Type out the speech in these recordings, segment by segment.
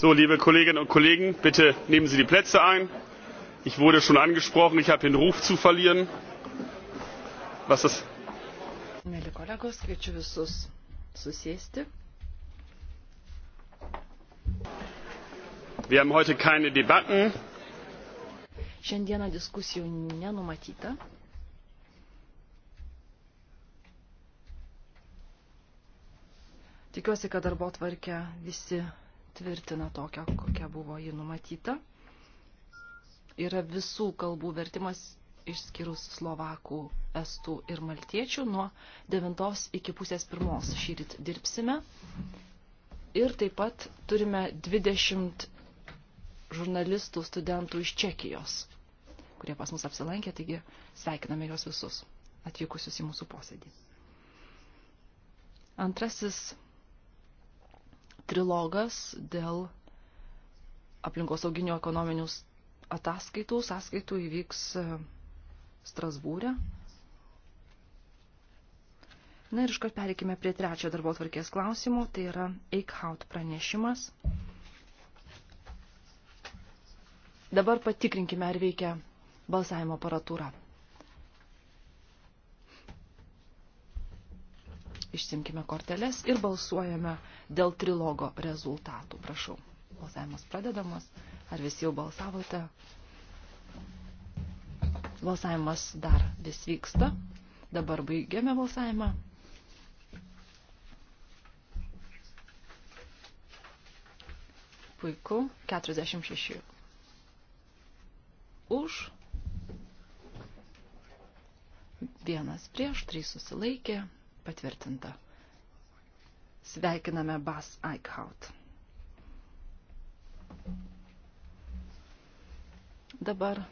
So, liebe Kolleginnen und Kollegen, bitte nehmen Sie die Plätze ein. Ich wurde schon angesprochen, ich habe den Ruf zu verlieren. Was ist? Mėly kolegos, kviečiu visus susėsti. Wir haben heute keine Debatten. Šiandieną diskusijų nenumatyta. Tikiuosi, kad darbo tvarkę visi patvirtina tokią, kokia buvo ji numatyta. Yra visų kalbų vertimas išskyrus slovakų, estų ir maltiečių. Nuo 9 iki pusės pirmos šyrit dirbsime. Ir taip pat turime 20 žurnalistų studentų iš Čekijos, kurie pas mus apsilankė, taigi sveikiname juos visus atvykusius į mūsų posėdį. Antrasis trilogas dėl aplinkosauginių ekonominių ataskaitų, sąskaitų įvyks e, Strasbūrė. Na ir iškart pereikime prie trečio darbo tvarkės klausimo, tai yra Eichhaut pranešimas. Dabar patikrinkime, ar veikia balsavimo aparatūra. Išsimkime korteles ir balsuojame dėl trilogo rezultatų. Prašau, balsavimas pradedamas. Ar visi jau balsavote? Balsavimas dar vis vyksta. Dabar baigiame balsavimą. Puiku, 46. Už. Vienas prieš, trys susilaikė, patvirtinta. Sveikiname Bas Eichhout. Dabar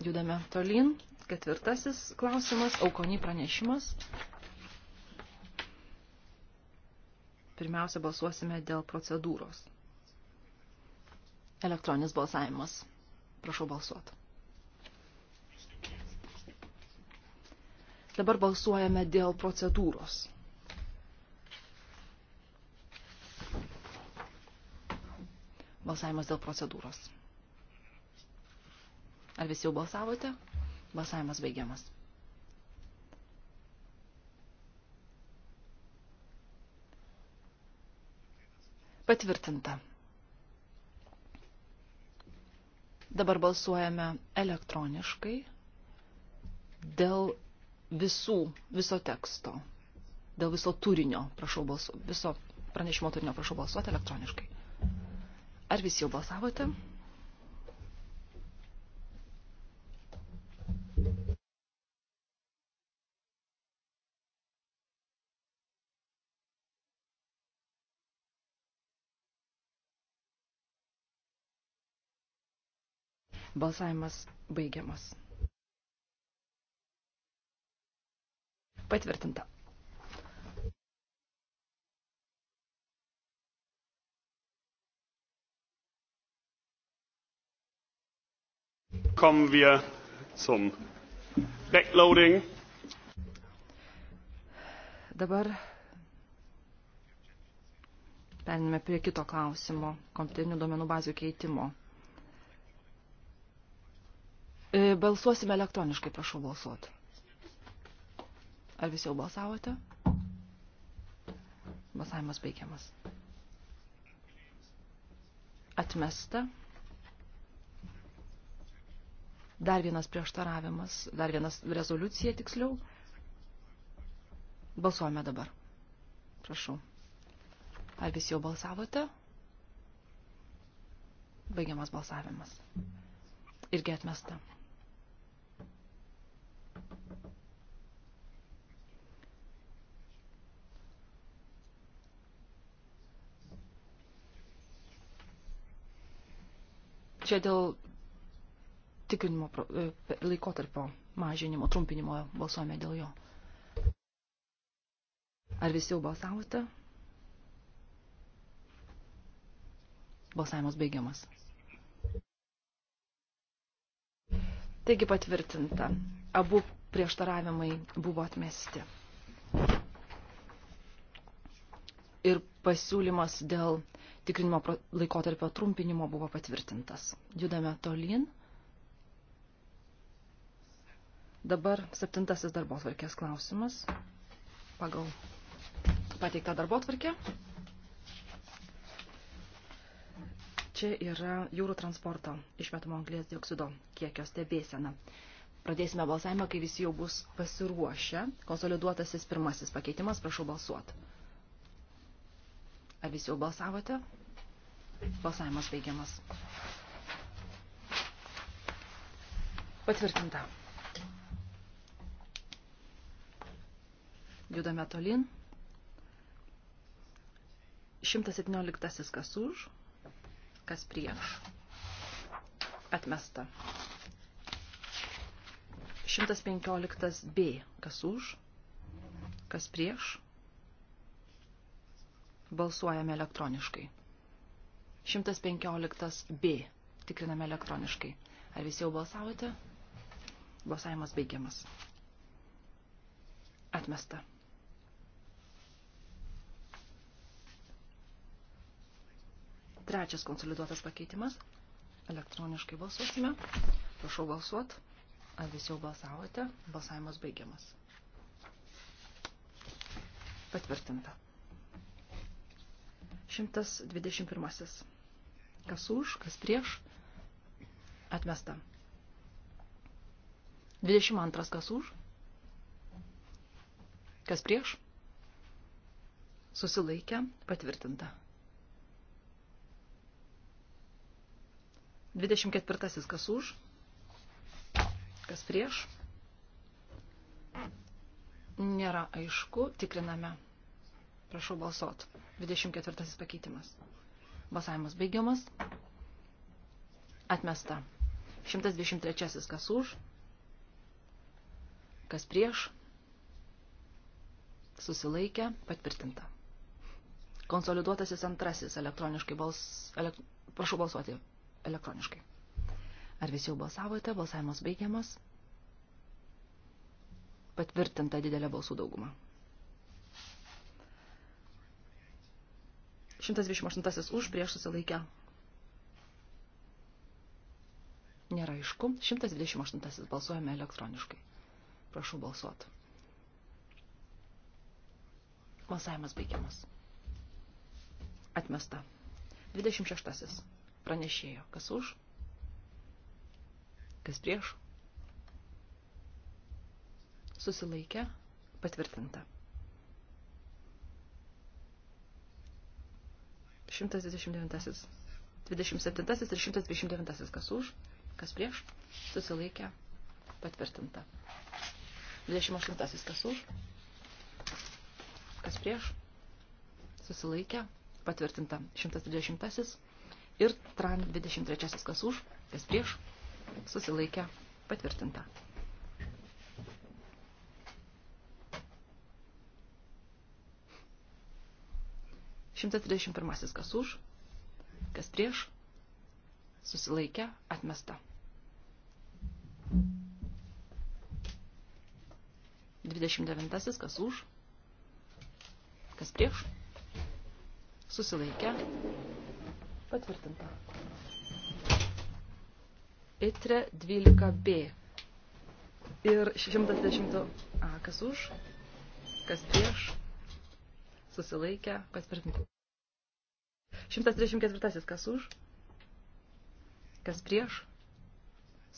judame tolin. Ketvirtasis klausimas, aukonį pranešimas. Pirmiausia, balsuosime dėl procedūros. Elektroninis balsavimas. Prašau balsuoti. Dabar balsuojame dėl procedūros. Balsavimas dėl procedūros. Ar visi jau balsavote? Balsavimas baigiamas. Patvirtinta. Dabar balsuojame elektroniškai dėl visų, viso teksto, dėl viso turinio, prašau balsuoti, viso pranešimo turinio prašau balsuoti elektroniškai. Ar visi jau balsavote? Balsavimas baigiamas. Patvirtinta. Kommen wir zum Backloading. Dabar Perėmėme prie kito klausimo – kompiuterinių duomenų bazių keitimo. E, balsuosime elektroniškai, prašau balsuoti. Ar visi jau balsavote? Balsavimas baigiamas. Atmesta dar vienas prieštaravimas, dar vienas rezoliucija tiksliau. Balsuojame dabar. Prašau. Ar visi jau balsavote? Baigiamas balsavimas. Irgi atmesta. Čia dėl tikrinimo e, laikotarpio mažinimo, trumpinimo balsuojame dėl jo. Ar visi jau balsavote? Balsavimas baigiamas. Taigi patvirtinta. Abu prieštaravimai buvo atmesti. Ir pasiūlymas dėl tikrinimo laikotarpio trumpinimo buvo patvirtintas. Judame tolyn. Dabar septintasis darbo tvarkės klausimas pagal pateiktą darbo tvarkę. Čia yra jūrų transporto išmetamo anglės dioksido kiekio stebėsena. Pradėsime balsavimą, kai visi jau bus pasiruošę. Konsoliduotasis pirmasis pakeitimas, prašau balsuoti. Ar visi jau balsavote? Balsavimas baigiamas. Patvirtinta. Judame tolin. 117 kas už, kas prieš. Atmesta. 115 B kas už, kas prieš. Balsuojame elektroniškai. 115 B. Tikriname elektroniškai. Ar visi jau balsavote? Balsavimas baigiamas. Atmesta. Trečias konsoliduotas pakeitimas. Elektroniškai balsuosime. Prašau balsuot. Ar visi jau balsavote? Balsavimas baigiamas. Patvirtinta. 121. Kas už, kas prieš? Atmesta. 22. Kas už? Kas prieš? Susilaikę, patvirtinta. 24 kas už, kas prieš. Nėra aišku, tikriname. Prašau balsuot. 24 pakeitimas. Balsavimas baigiamas. Atmesta. 123 kas už, kas prieš. Susilaikė, patvirtinta. Konsoliduotasis antrasis elektroniškai bals... Elek... Prašau balsuoti elektroniškai. Ar visi jau balsavote? Balsavimas baigiamas. Patvirtinta didelė balsų dauguma. 128 už prieš susilaikę. Nėra aišku. 128 balsuojame elektroniškai. Prašau balsuoti. Balsavimas baigiamas. Atmesta. 26 pranešėjo. Kas už? Kas prieš? Susilaikė. Patvirtinta. 129. 27 ir 129. Kas už? Kas prieš? Susilaikė. Patvirtinta. 28. Kas už? Kas prieš? Susilaikė. Patvirtinta. 120 ir tran 23 kas už, kas prieš, susilaikę patvirtinta. Šimtas trisdešimt pirmasis kas už, kas prieš, susilaikę atmesta. 29. Kas už, kas prieš, susilaikę, Patvirtinta. Itre 12b. Ir 120. A, kas už, kas prieš, susilaikę, patvirtinti. 134. Kas už, kas prieš,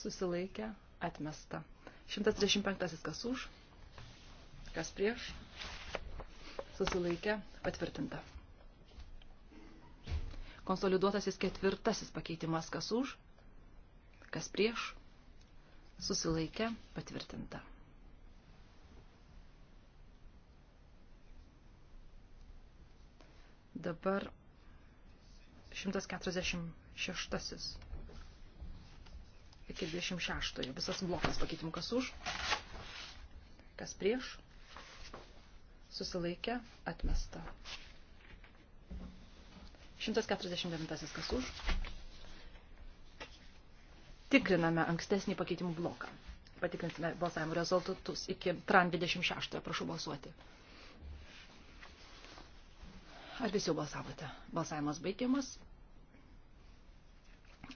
susilaikę, atmesta. 135. Kas už, kas prieš, susilaikę, patvirtinta. Konsoliduotasis ketvirtasis pakeitimas kas už, kas prieš, susilaikė patvirtinta. Dabar 146 iki 26. Visas blokas pakeitimų kas už, kas prieš, susilaikė, atmesta. 149 kas už. Tikriname ankstesnį pakeitimų bloką. Patikrinsime balsavimo rezultatus iki TRAN 26. Prašau balsuoti. Ar visi jau balsavote? Balsavimas baigiamas.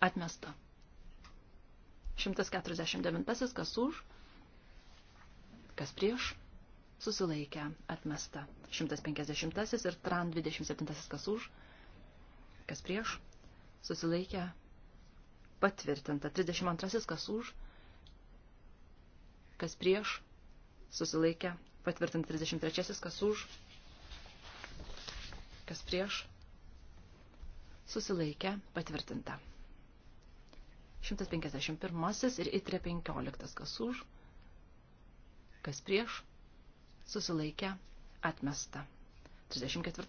Atmesta. 149 kas už, kas prieš, susilaikę, atmesta. 150 ir tran 27 kas už, kas prieš, susilaikė, patvirtinta. 32 kas už, kas prieš, susilaikė, patvirtinta. 33 kas už, kas prieš, susilaikė, patvirtinta. 151 ir itre 15 kas už, kas prieš, susilaikė, atmesta. 34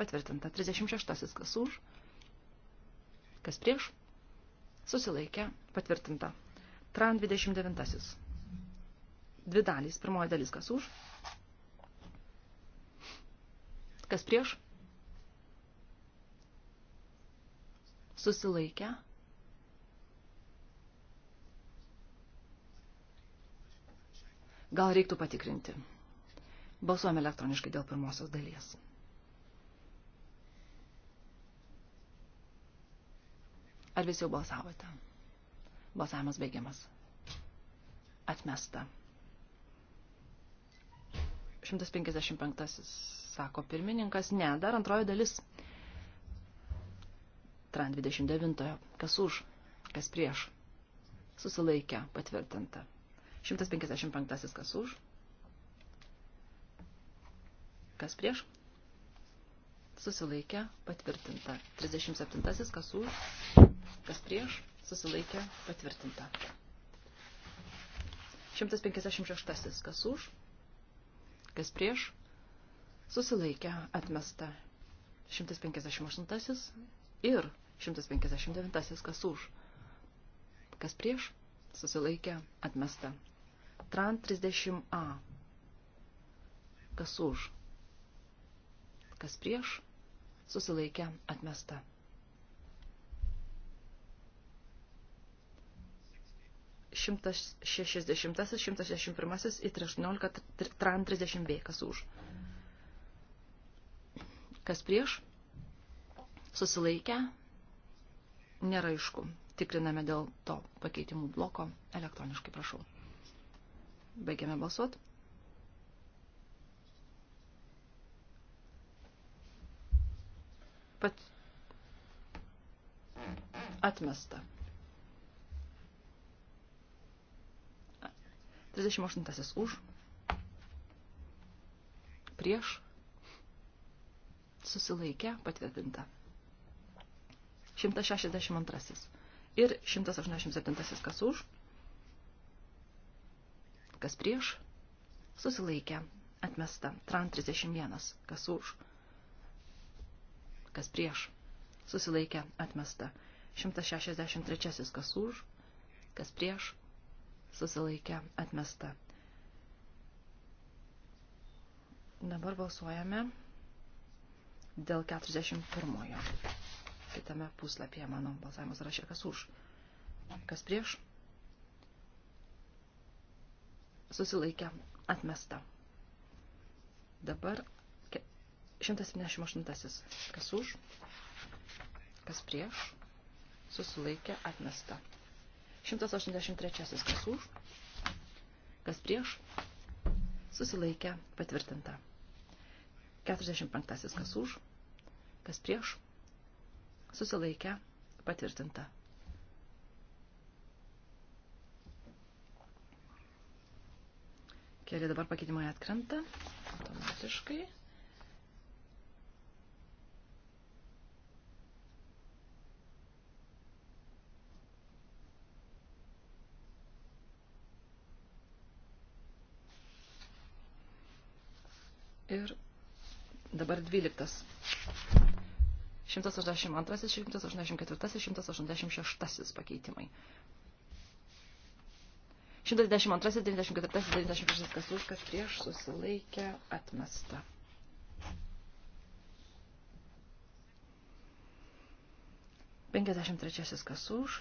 Patvirtinta. 36. Kas už? Kas prieš? Susilaikė. Patvirtinta. Tran 29. Dvi dalys. Pirmoji dalis. Kas už? Kas prieš? Susilaikė. Gal reiktų patikrinti. Balsuojame elektroniškai dėl pirmosios dalies. Ar visi jau balsavote? Balsavimas baigiamas. Atmesta. 155, sako pirmininkas. Ne, dar antroji dalis. Tran 29. Kas už, kas prieš. Susilaikę, patvirtinta. 155 kas už. Kas prieš? Susilaikę, patvirtinta. 37 kas už kas prieš, susilaikė, patvirtinta. 156. Kas už, kas prieš, susilaikė, atmesta. 158. Ir 159. Kas už, kas prieš, susilaikė, atmesta. Tran 30a. Kas už, kas prieš, susilaikė, atmesta. 160, 161 ir 13, tran 30 b, kas už. Kas prieš? Susilaikę? Nėra aišku. Tikriname dėl to pakeitimų bloko elektroniškai, prašau. Baigiame balsuot. Pat atmesta. 38 už. Prieš. Susilaikę patvirtinta. 162. Ir 187 kas už. Kas prieš. Susilaikę. Atmesta. Tran 31. Kas už. Kas prieš. Susilaikę. Atmesta. 163. Kas už. Kas prieš susilaikę atmesta. Dabar balsuojame dėl 41-ojo. Kitame puslapyje mano balsavimo sąraše kas už. Kas prieš? Susilaikę atmesta. Dabar 178. Kas už? Kas prieš? Susilaikė atmesta. 183 kas už, kas prieš, susilaikė patvirtinta. 45 kas už, kas prieš, susilaikė patvirtinta. Keli dabar pakeitimai atkrenta automatiškai. ir dabar 12. 182, 184, 186 pakeitimai. 192, 94, 96, kas už, kas prieš susilaikę atmesta. Penkiasdešimt trečiasis kas už,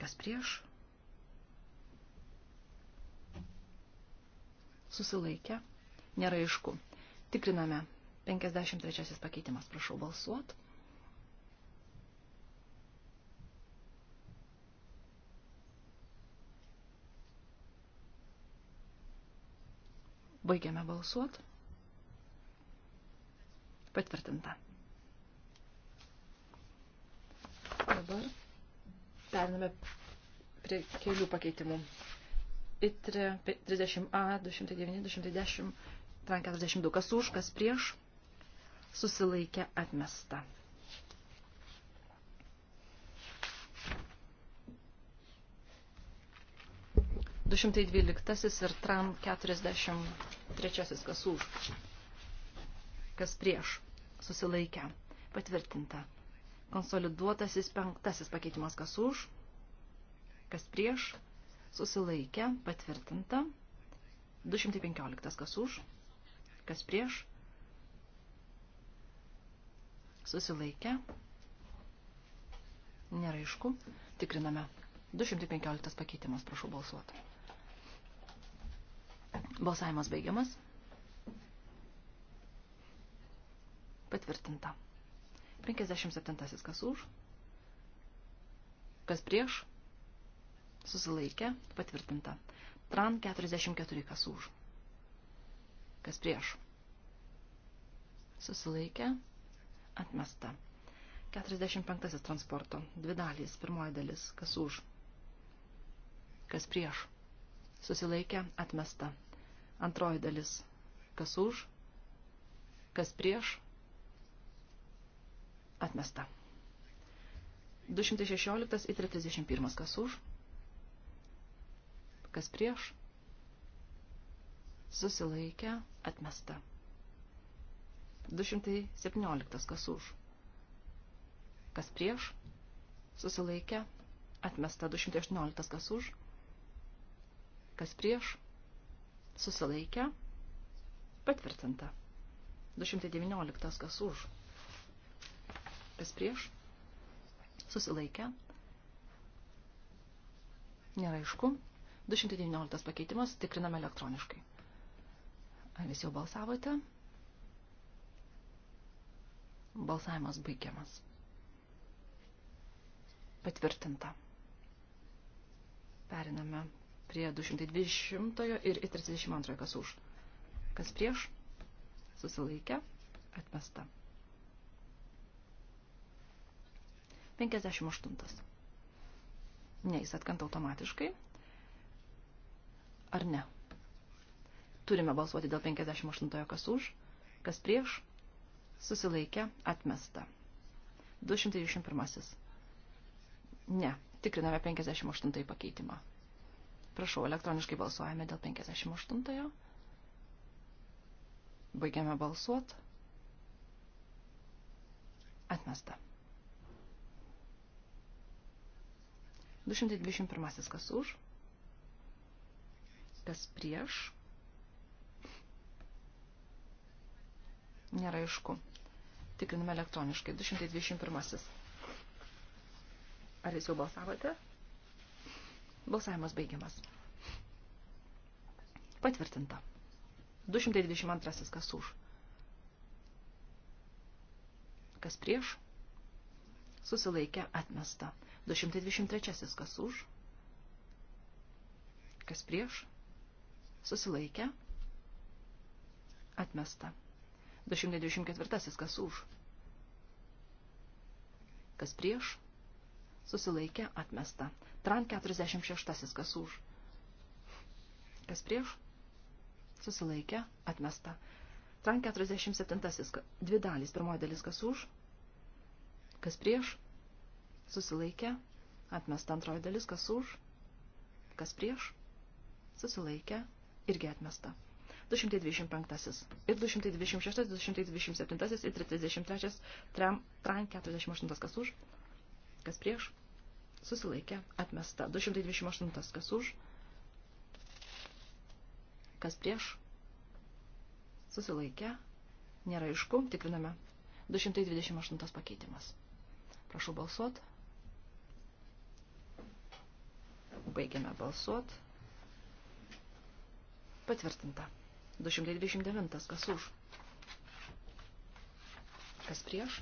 kas prieš, susilaikę, nėra aišku. Tikriname. 53 pakeitimas, prašau balsuot. Baigiame balsuot. Patvirtinta. Dabar periname prie kelių pakeitimų. ITRE 30A, 209, 210, Tran 42, kas už, kas prieš, susilaikė atmesta. Du šimtai dvyliktasis ir tram keturiasdešimt trečiasis kas už, kas prieš, susilaikę, patvirtinta. Konsoliduotasis penktasis pakeitimas kas už, kas prieš, susilaikę, patvirtinta. 215 kas už, kas prieš, susilaikę, nėra aišku, tikriname. 215 pakeitimas, prašau balsuoti. Balsavimas baigiamas. Patvirtinta. 57 kas už, kas prieš, susilaikė, patvirtinta. Tran 44 kas už, Kas prieš? Susilaikė. Atmesta. 45 transporto. Dvi dalys. Pirmoji dalis. Kas už? Kas prieš? Susilaikė. Atmesta. Antroji dalis. Kas už? Kas prieš? Atmesta. 216 ir 31. Kas už? Kas prieš? susilaikę, atmesta. 217 kas už, kas prieš, susilaikę, atmesta. 218 kas už, kas prieš, susilaikę, patvirtinta. 219 kas už, kas prieš, susilaikę, Nėra aišku. 219 pakeitimas tikriname elektroniškai. Visi jau balsavote? Balsavimas baigiamas. Patvirtinta. Periname prie 220 ir 32 kas už. Kas prieš? Susilaikę. Atmesta. 58. Ne, jis atkanta automatiškai. Ar ne? turime balsuoti dėl 58 kas už, kas prieš, susilaikė, atmesta. 221. Ne, tikriname 58 pakeitimą. Prašau, elektroniškai balsuojame dėl 58. Baigiame balsuot. Atmesta. 221 kas už, kas prieš, Nėra aišku. Tikriname elektroniškai. 221. Ar jūs jau balsavote? Balsavimas baigiamas. Patvirtinta. 222. Kas už? Kas prieš? Susilaikė atmesta. 223. Kas už? Kas prieš? Susilaikė atmesta. 224. Kas už? Kas prieš? Susilaikė atmesta. Tran 46. Kas už? Kas prieš? Susilaikė atmesta. Tran 47. Dvi dalys. Pirmoji dalis kas už? Kas prieš? Susilaikė atmesta. Antroji dalis kas už? Kas prieš? Susilaikė irgi atmesta. 225 ir 226, 227 ir 33, tram, tran 48 kas už, kas prieš, susilaikė, atmesta. 228 kas už, kas prieš, susilaikė, nėra aišku, tikriname. 228 pakeitimas. Prašau balsuot. Baigiame balsuot. Patvirtinta. 229. Kas už? Kas prieš?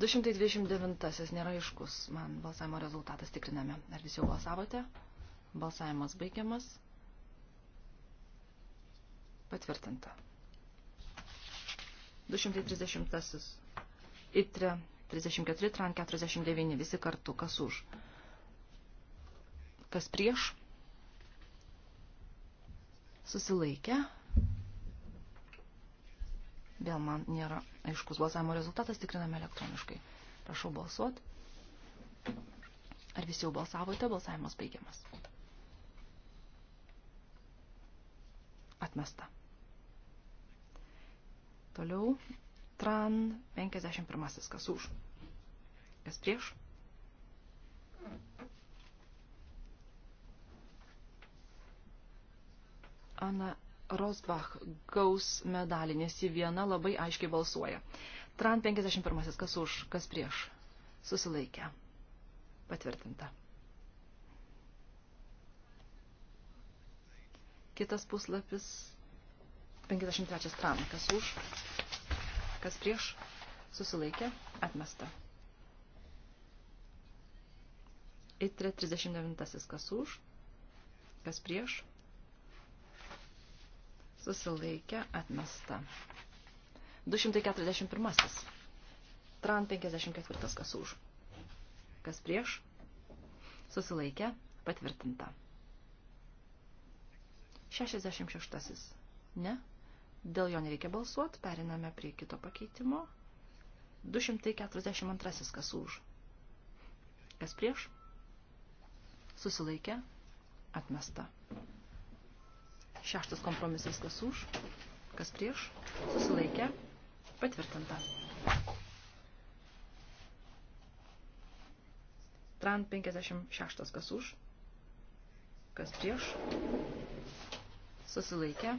Du šimtai dvidešimt devintasis nėra iškus. Man balsavimo rezultatas tikriname. Ar visi jau balsavote? Balsavimas baigiamas. Patvirtinta. 230. Itre 34, tran 49, visi kartu, kas už. Kas prieš? Susilaikę. Vėl man nėra aiškus balsavimo rezultatas, tikriname elektroniškai. Prašau balsuot. Ar visi jau balsavote? Balsavimas baigiamas. Atmesta. Toliau Tran 51. Kas už? Kas prieš? Ana Rosbach gaus medalį, nes ji viena labai aiškiai balsuoja. Tran 51. Kas už? Kas prieš? Susilaikę. Patvirtinta. Kitas puslapis 53 tran. Kas už? Kas prieš? Susilaikė. Atmesta. Itre 39. Kas už? Kas prieš? Susilaikė. Atmesta. 241. Tran 54. Kas už? Kas prieš? Susilaikė. Patvirtinta. 66. Ne? Dėl jo nereikia balsuoti, periname prie kito pakeitimo. 242 kas už. Kas prieš? Susilaikė, atmesta. Šeštas kompromisas kas už, kas prieš, susilaikė, patvirtinta. Tran 56 kas už, kas prieš, susilaikė,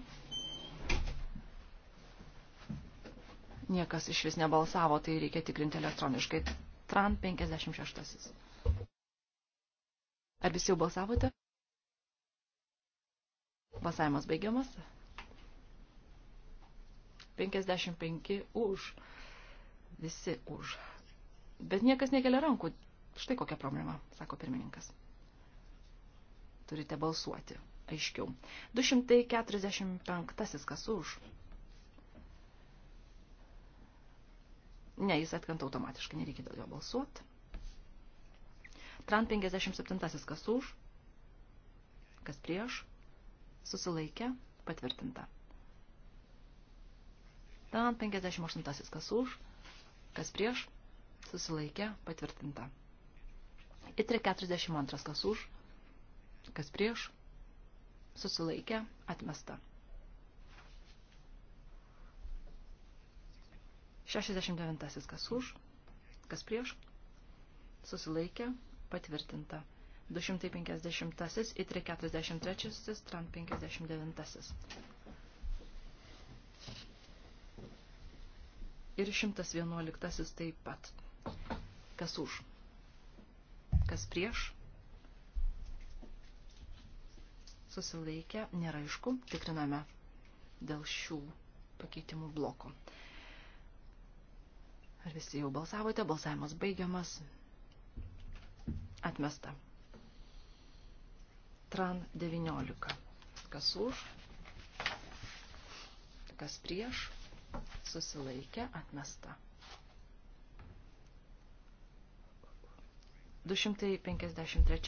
Niekas iš vis nebalsavo, tai reikia tikrinti elektroniškai. Tran 56. Ar visi jau balsavote? Balsavimas baigiamas. 55 už. Visi už. Bet niekas nekelia rankų. Štai kokia problema, sako pirmininkas. Turite balsuoti aiškiau. 245 kas už. Ne, jis atkanta automatiškai, nereikia dėl jo balsuoti. Tran 57 kas už, kas prieš, susilaikė, patvirtinta. Tran 58 kas už, kas prieš, susilaikė, patvirtinta. Itri 42 kas už, kas prieš, susilaikė, atmesta. 69. Kas už, kas prieš, susilaikė, patvirtinta. 250 ir 43, tran 59. Ir 111 taip pat. Kas už, kas prieš, susilaikė, nėra aišku, tikriname dėl šių pakeitimų bloko. Ar visi jau balsavote? Balsavimas baigiamas. Atmesta. Tran 19. Kas už? Kas prieš? Susilaikė. Atmesta. 253.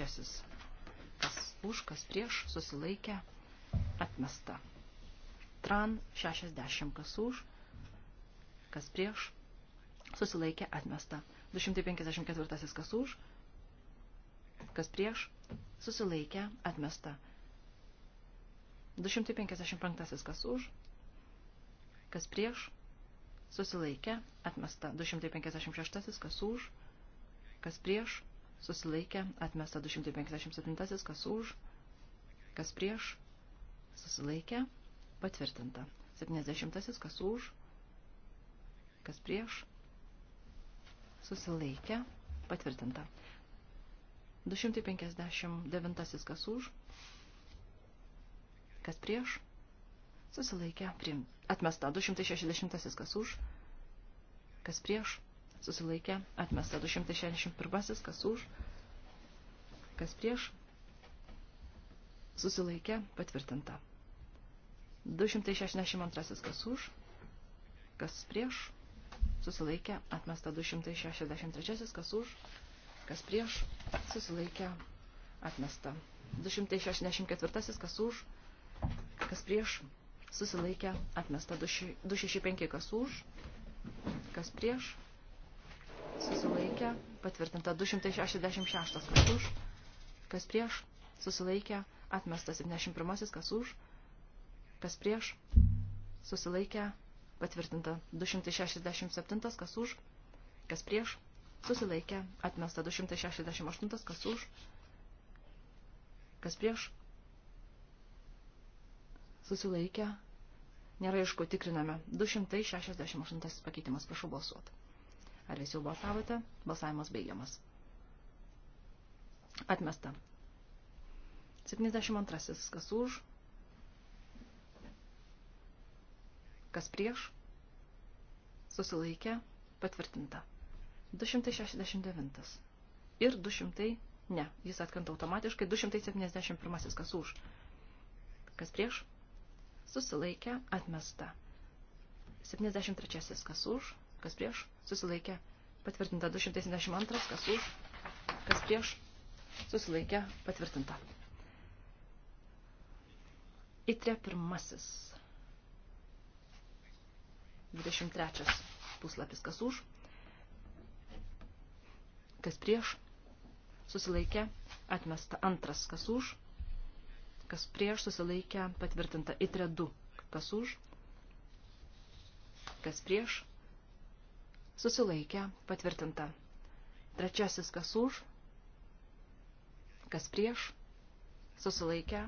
Kas už, kas prieš, susilaikė, atmesta. Tran 60. Kas už, kas prieš, susilaikė atmesta. 254 kas už, kas prieš, susilaikė atmesta. 255 kas už, kas prieš, susilaikė atmesta. 256 kas už, kas prieš, susilaikė atmesta. 257 kas už, kas prieš, susilaikė patvirtinta. 70 kas už, kas prieš, susilaikė, patvirtinta. 259 kas už, kas prieš, susilaikė, prim, atmesta. 260 kas už, kas prieš, susilaikė, atmesta. 261 kas už, kas prieš, susilaikė, patvirtinta. 262 kas už, kas prieš, susilaikė, atmesta 263, kas už, kas prieš, susilaikė, atmesta 264, kas už, kas prieš, susilaikė, atmesta 265, kas už, kas prieš, susilaikė, patvirtinta 266, kas už, kas prieš, susilaikė, atmesta 71, kas už, kas prieš, susilaikė, Patvirtinta 267, kas už, kas prieš, susilaikė, atmesta 268, kas už, kas prieš, susilaikė, nėra aišku, tikriname, 268 pakeitimas, prašau balsuoti. Ar visi jau balsavote? Balsavimas baigiamas. Atmesta. 72, kas už, Kas prieš? Susilaikė. Patvirtinta. 269. Ir 200. Ne, jis atkanta automatiškai. 271. Kas už? Kas prieš? Susilaikė. Atmesta. 73. Kas už? Kas prieš? Susilaikė. Patvirtinta. 272. Kas už? Kas prieš? Susilaikė. Patvirtinta. Itre pirmasis 23 puslapis kas už, kas prieš, susilaikė, atmesta antras kas už, kas prieš, susilaikė, patvirtinta itre 2 kas už, kas prieš, susilaikė, patvirtinta trečiasis kas už, kas prieš, susilaikė,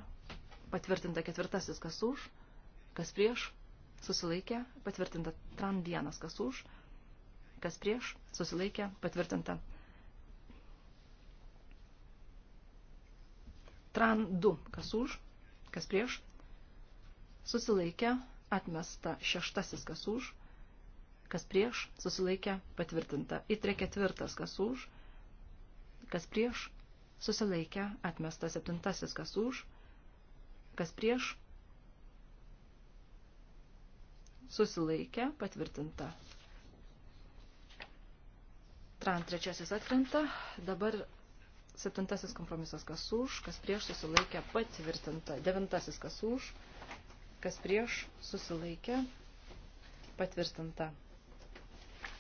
patvirtinta ketvirtasis kas už, kas prieš, susilaikė, patvirtinta tran vienas, kas už, kas prieš, susilaikė, patvirtinta tran du, kas už, kas prieš, susilaikė, atmesta šeštasis, kas už, kas prieš, susilaikė, patvirtinta itre ketvirtas, kas už, kas prieš, susilaikė, atmesta septintasis, kas už, kas prieš, susilaikė, patvirtinta. Tran trečiasis atkrenta, dabar septintasis kompromisas kas už, kas prieš susilaikė, patvirtinta. Devintasis kas už, kas prieš susilaikė, patvirtinta.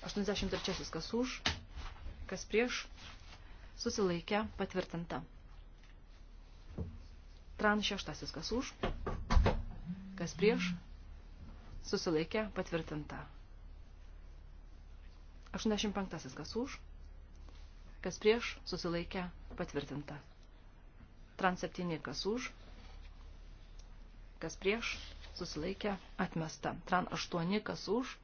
83 kas už, kas prieš susilaikė, patvirtinta. Tran šeštasis kas už, kas prieš susilaikė patvirtinta. 85. Kas už, kas prieš, susilaikė patvirtinta. Trans 7. Kas už, kas prieš, susilaikė atmesta. Tran 8. Kas už,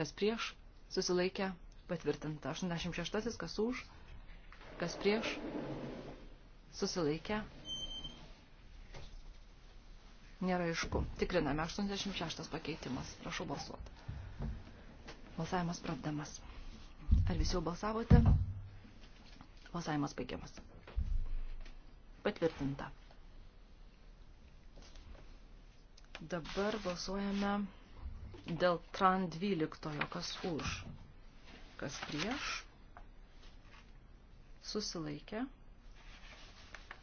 kas prieš, susilaikė patvirtinta. 86. Kas už, kas prieš, susilaikė Nėra aišku. Tikriname 86 pakeitimas. Prašau balsuoti. Balsavimas praddamas. Ar visi jau balsavote? Balsavimas baigiamas. Patvirtinta. Dabar balsuojame dėl TRAN 12, kas už, kas prieš, susilaikė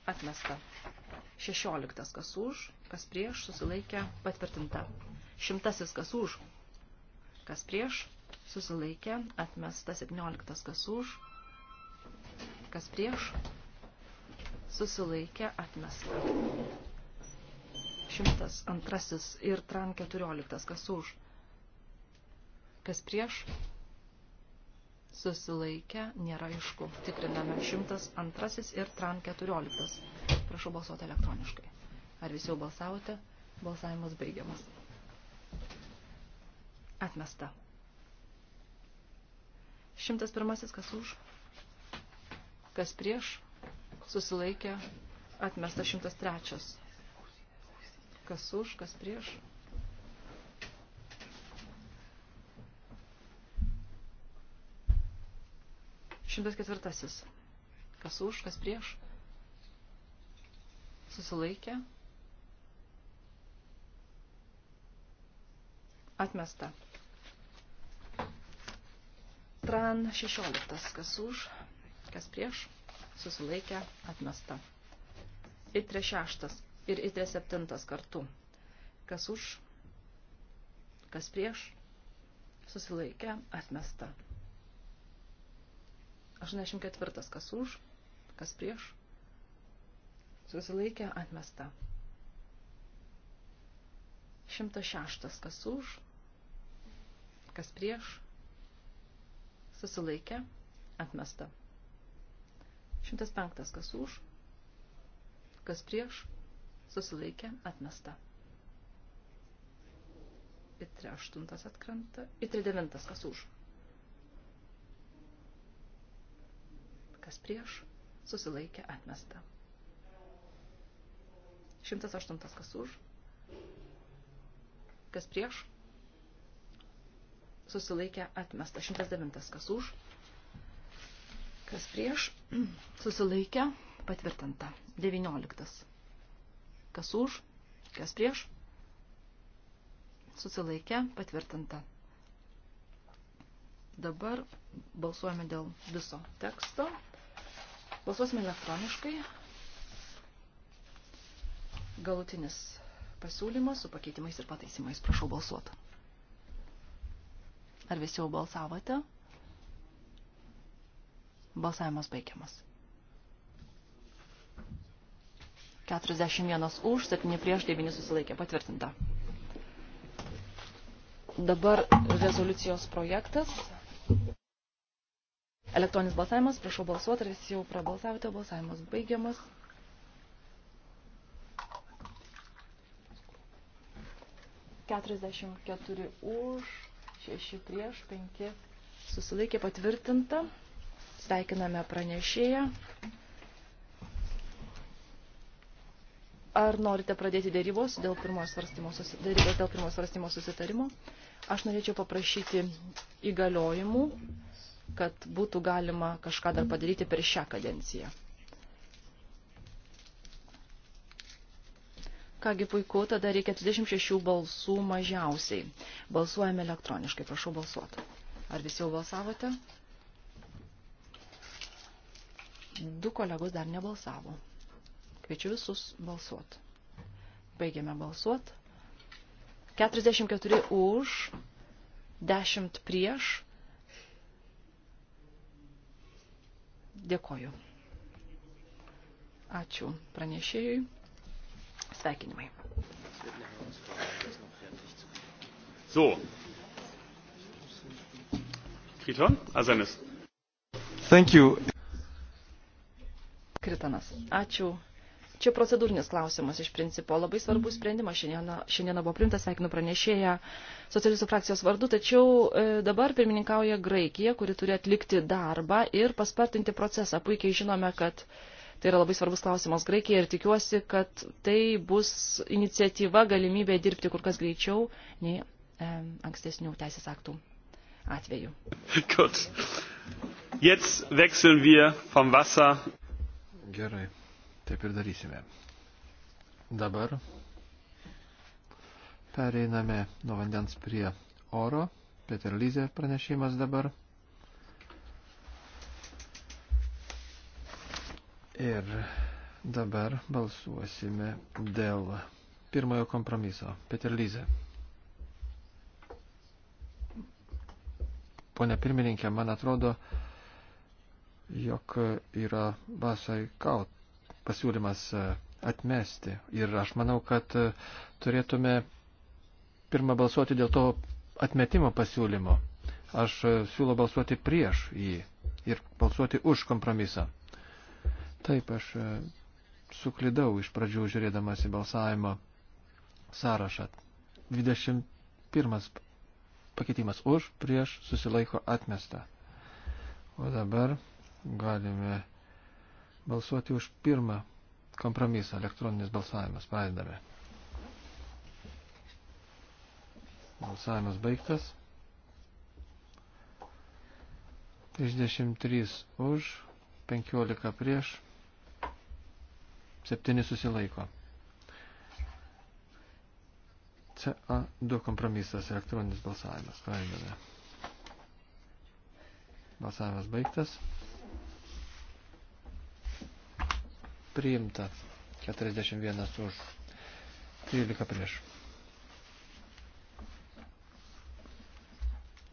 atmesta. 16 kas už, kas prieš, susilaikė, patvirtinta. 100 kas už, kas prieš, susilaikė, atmesta. 17 kas už, kas prieš, susilaikė, atmesta. 102 ir tran 14 kas už, kas prieš, susilaikę, nėra aišku. Tikriname 102 ir TRAN 14. Prašau balsuoti elektroniškai. Ar visi jau balsavote? Balsavimas baigiamas. Atmesta. 101 kas už, kas prieš, susilaikė, atmesta 103. Kas už, kas prieš, 104. Kas už, kas prieš? Susilaikė. Atmesta. Tran 16. Kas už, kas prieš? Susilaikė. Atmesta. Itre 6 ir itre 7 kartu. Kas už, kas prieš? Susilaikė. Atmesta. 84. Kas už, kas prieš. Susilaikė atmesta. 106. Kas už, kas prieš. Susilaikė atmesta. 105. Kas už, kas prieš. Susilaikė atmesta. Itri 8 atkrenta. Itri 9. Kas už kas prieš, susilaikė atmesta. 108 kas už, kas prieš, susilaikė atmesta. 109 kas už, kas prieš, susilaikė patvirtinta. 19 kas už, kas prieš, susilaikė patvirtinta. Dabar balsuojame dėl viso teksto. Balsuosime elektroniškai. Galutinis pasiūlymas su pakeitimais ir pataisimais. Prašau balsuoti. Ar visi jau balsavote? Balsavimas baigiamas. 41 už, 7 prieš, 9 susilaikė. Patvirtinta. Dabar rezoliucijos projektas. Elektroninis balsavimas, prašau balsuoti, ar jūs jau prabalsavote, balsavimas baigiamas. Keturiasdešimt keturi už, šeši prieš, penki susilaikė patvirtinta. Sveikiname pranešėją. Ar norite pradėti dėrybos dėl pirmos svarstymo, dėl pirmos svarstymo susitarimo? Aš norėčiau paprašyti įgaliojimų kad būtų galima kažką dar padaryti per šią kadenciją. Kągi puiku, tada reikia 26 balsų mažiausiai. Balsuojame elektroniškai, prašau balsuoti. Ar visi jau balsavote? Du kolegos dar nebalsavo. Kviečiu visus balsuoti. Baigiame balsuoti. 44 už, 10 prieš, Dėkoju. Ačiū pranešėjui. Sveikinimai. So. Kriton, Azanis. Thank you. Kritanas. Ačiū Čia procedūrinis klausimas iš principo. Labai svarbus sprendimas šiandieną, šiandieną buvo primtas, sveikinu pranešėją socialistų frakcijos vardu, tačiau e, dabar pirmininkauja Graikija, kuri turi atlikti darbą ir paspartinti procesą. Puikiai žinome, kad tai yra labai svarbus klausimas Graikijai ir tikiuosi, kad tai bus iniciatyva, galimybė dirbti kur kas greičiau nei e, ankstesnių teisės aktų atveju. Gut. Jetzt wechseln wir vom Wasser. Gerai. Taip ir darysime. Dabar pereiname nuo vandens prie oro. Peter Lyze pranešimas dabar. Ir dabar balsuosime dėl pirmojo kompromiso. Peter Lyze. Pone pirmininkė, man atrodo, jog yra Basai Kaut pasiūlymas e, atmesti. Ir aš manau, kad e, turėtume pirmą balsuoti dėl to atmetimo pasiūlymo. Aš e, siūlau balsuoti prieš jį ir balsuoti už kompromisą. Taip, aš suklidau iš pradžių žiūrėdamas į balsavimo sąrašą. 21 pakeitimas už, prieš, susilaiko atmesta. O dabar galime balsuoti už pirmą kompromisą, elektroninis balsavimas. Pradedame. Balsavimas baigtas. 33 už, 15 prieš, 7 susilaiko. CA2 kompromisas, elektroninis balsavimas. Pradedame. Balsavimas baigtas. priimta. 41 už 13 prieš.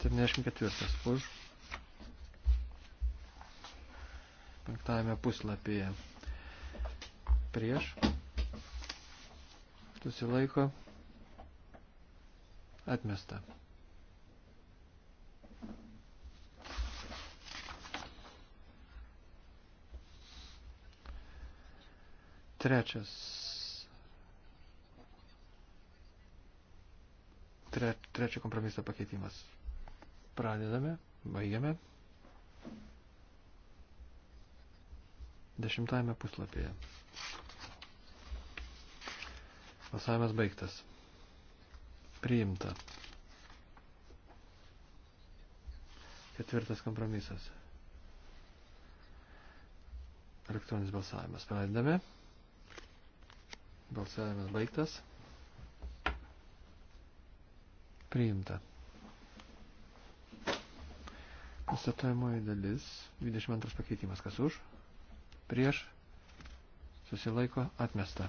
74 už. Penktame puslapyje prieš. Susilaiko. Atmesta. Trečias. Tre, trečio kompromiso pakeitimas. Pradedame, baigiame. Dešimtajame puslapyje. Balsavimas baigtas. Priimta. Ketvirtas kompromisas. Elektroninis balsavimas. Pradedame. Balsavimas baigtas. Priimta. Nustatojimoji dalis 22 pakeitimas. Kas už? Prieš. Susilaiko atmesta.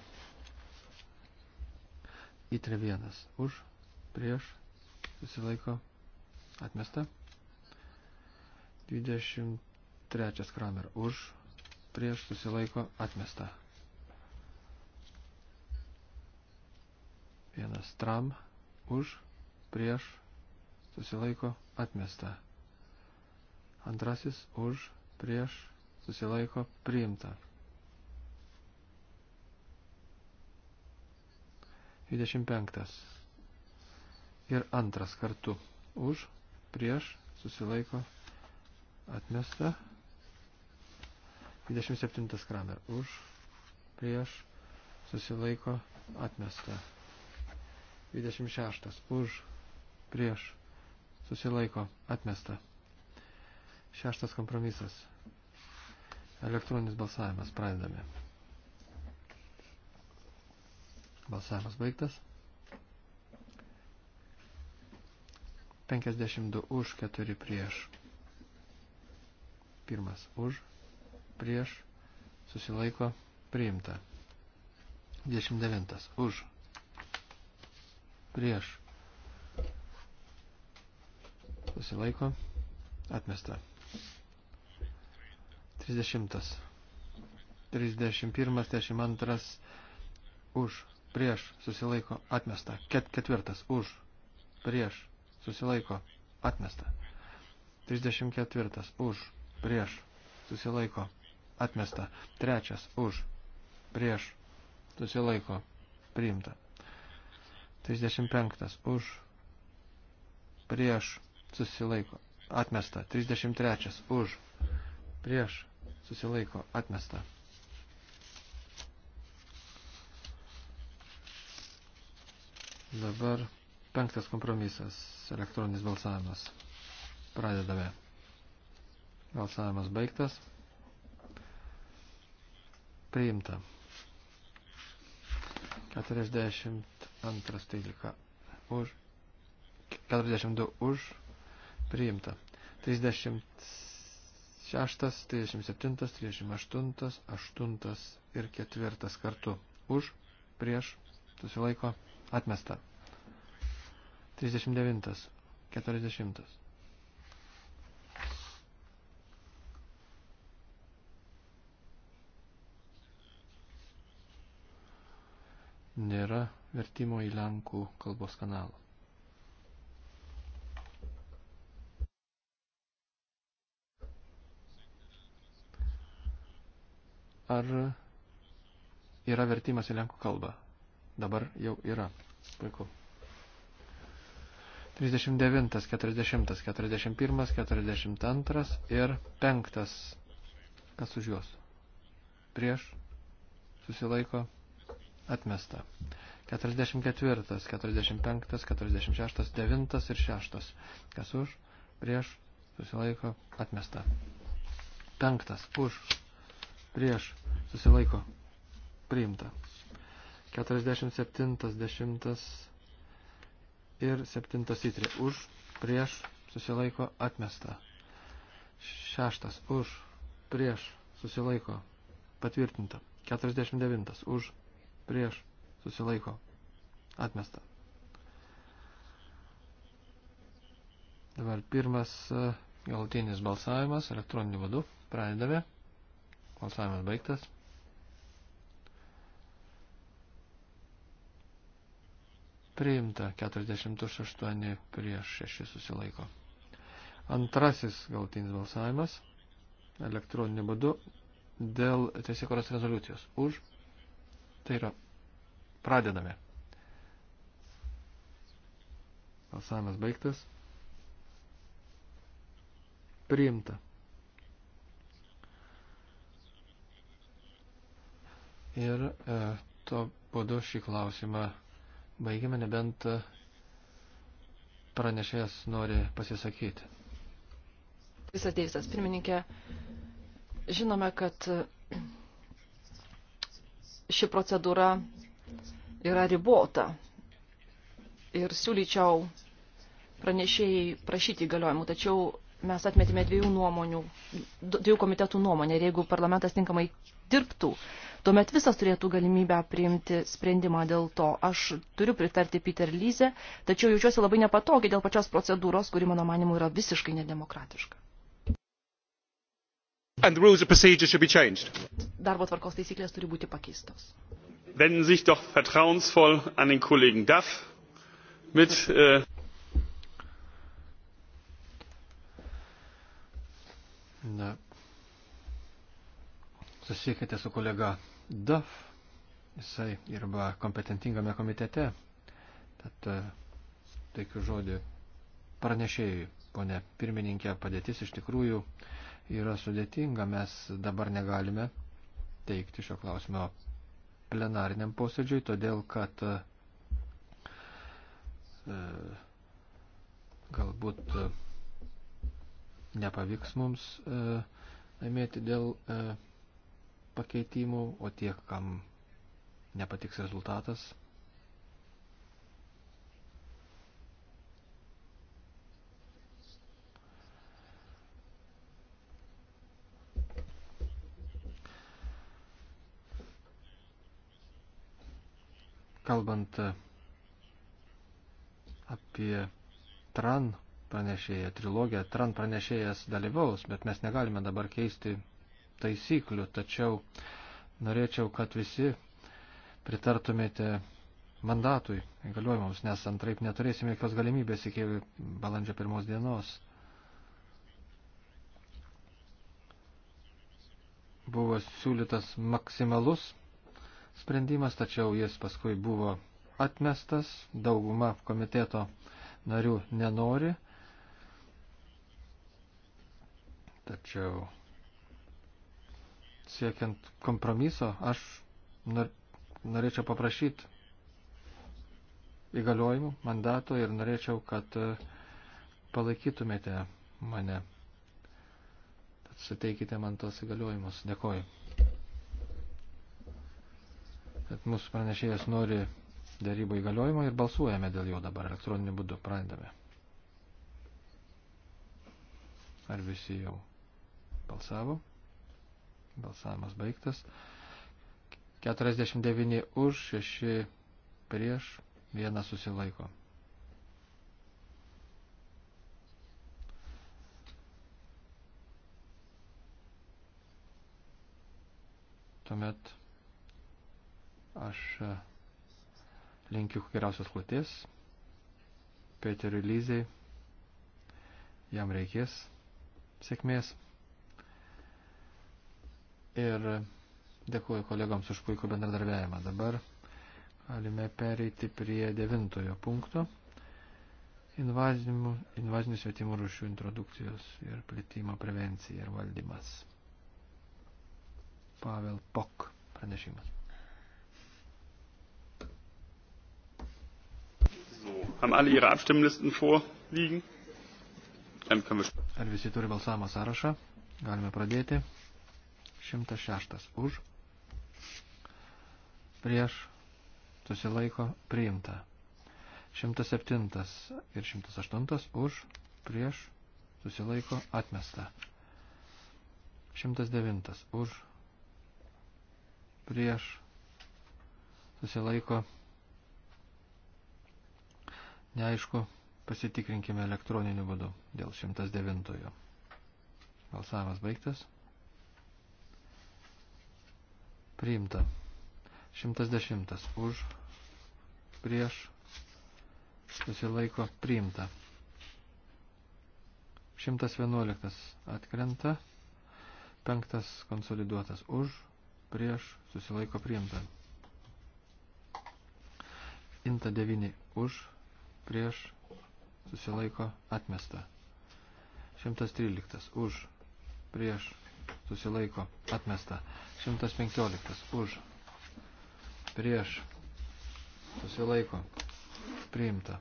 Įtre vienas. Už. Prieš. Susilaiko atmesta. 23 kramer. Už. Prieš. Susilaiko atmesta. Vienas tram už, prieš, susilaiko, atmesta. Antrasis už, prieš, susilaiko, priimta. 25. Ir antras kartu už, prieš, susilaiko, atmesta. 27 kramer už, prieš, susilaiko, atmesta. 26. Už, prieš, susilaiko, atmesta. Šeštas kompromisas. Elektroninis balsavimas. Pradedame. Balsavimas baigtas. 52 už, 4 prieš. Pirmas už, prieš, susilaiko, priimta. 29 už, prieš. Susilaiko, atmesta. 30. 31, 32, už, prieš, susilaiko, atmesta. Ket, ketvirtas, už, prieš, susilaiko, atmesta. 34, už, prieš, susilaiko, atmesta. Trečias, už, prieš, susilaiko, priimta. 35 už, prieš, susilaiko, atmesta. 33 už, prieš, susilaiko, atmesta. Dabar penktas kompromisas, elektroninis balsavimas. Pradedame. Balsavimas baigtas. Priimta. 43 Antras 13 už. 42 už. Priimta. 36, 37, 38, 8 ir 4 kartu. Už. Prieš. Susilaiko. Atmesta. 39. 40 nėra vertimo į Lenkų kalbos kanalą. Ar yra vertimas į Lenkų kalbą? Dabar jau yra. Puiku. 39, 40, 41, 42 ir 5. Kas už juos? Prieš? Susilaiko? atmesta. 44, 45, 46, 9 ir 6. Kas už, prieš, susilaiko, atmesta. 5. Už, prieš, susilaiko, priimta. 47, 10 ir 7 įtrė. Už, prieš, susilaiko, atmesta. 6. Už, prieš, susilaiko, patvirtinta. 49. Už, prieš susilaiko atmesta. Dabar pirmas e, galutinis balsavimas elektroniniu vadu. Pradedame. Balsavimas baigtas. Priimta 48 prieš 6 susilaiko. Antrasis galutinis balsavimas elektroniniu būdu dėl teisėkoros rezoliucijos. Už Tai yra, pradedame. Balsavimas baigtas. Priimta. Ir e, to būdu šį klausimą baigime, nebent e, pranešėjas nori pasisakyti. Visą teisęs pirmininkė, žinome, kad ši procedūra yra ribota. Ir siūlyčiau pranešėjai prašyti įgaliojimų, tačiau mes atmetėme dviejų nuomonių, dviejų komitetų nuomonę ir jeigu parlamentas tinkamai dirbtų, tuomet visas turėtų galimybę priimti sprendimą dėl to. Aš turiu pritarti Peter Lyze, tačiau jaučiuosi labai nepatogiai dėl pačios procedūros, kuri mano manimu yra visiškai nedemokratiška and the rules of procedure should be changed. Darbo tvarkos taisyklės turi būti pakeistos. Wenden sich doch vertrauensvoll an den Kollegen Duff mit äh Na. Susiekite su kolega Duff, jisai dirba kompetentingame komitete, tad e, teikiu žodį pranešėjui, ponė pirmininkė, padėtis iš tikrųjų uh, yra sudėtinga. Mes dabar negalime teikti šio klausimo plenariniam posėdžiui, todėl kad e, galbūt e, nepavyks mums e, laimėti dėl pakeitimų, o tie, kam nepatiks rezultatas, Kalbant e, apie TRAN pranešėją, trilogiją, TRAN pranešėjas dalyvaus, bet mes negalime dabar keisti taisyklių, tačiau norėčiau, kad visi pritartumėte mandatui įgaliojimams, nes antraip neturėsime jokios galimybės iki balandžio pirmos dienos. Buvo siūlytas maksimalus sprendimas, tačiau jis paskui buvo atmestas, dauguma komiteto narių nenori. Tačiau siekiant kompromiso, aš nor, norėčiau paprašyti įgaliojimų, mandato ir norėčiau, kad e, palaikytumėte mane. Tad suteikite man tos įgaliojimus. Dėkoju kad mūsų pranešėjas nori darybų įgaliojimo ir balsuojame dėl jo dabar elektroniniu būdu. Pradedame. Ar visi jau balsavo? Balsavimas baigtas. 49 už, 6 prieš, 1 susilaiko. Tuomet Aš e, linkiu geriausios kloties Peteriui Lyzei. Jam reikės sėkmės. Ir e, dėkuoju kolegams už puikų bendradarbiavimą. Dabar galime pereiti prie devintojo punkto invazinių, invazinių svetimų rūšių introdukcijos ir plėtimo prevencija ir valdymas. Pavel Pok pranešimas. Haben alle ihre Abstimmlisten vorliegen? Dann können wir. Ar visi turi balsavimo sąrašą? Galime pradėti. 106 už. Prieš. Susilaiko. Priimta. 107 ir 108 už. Prieš. Susilaiko. Atmesta. 109 už. Prieš. Susilaiko. Atmesta Neaišku, pasitikrinkime elektroniniu būdu dėl 109. Balsavimas baigtas. Priimta. 110 už, prieš, susilaiko, priimta. 111 atkrenta, 5 konsoliduotas už, prieš, susilaiko, priimta. Inta 9 už, prieš susilaiko atmesta. 113 už prieš susilaiko atmesta. 115 už prieš susilaiko priimta.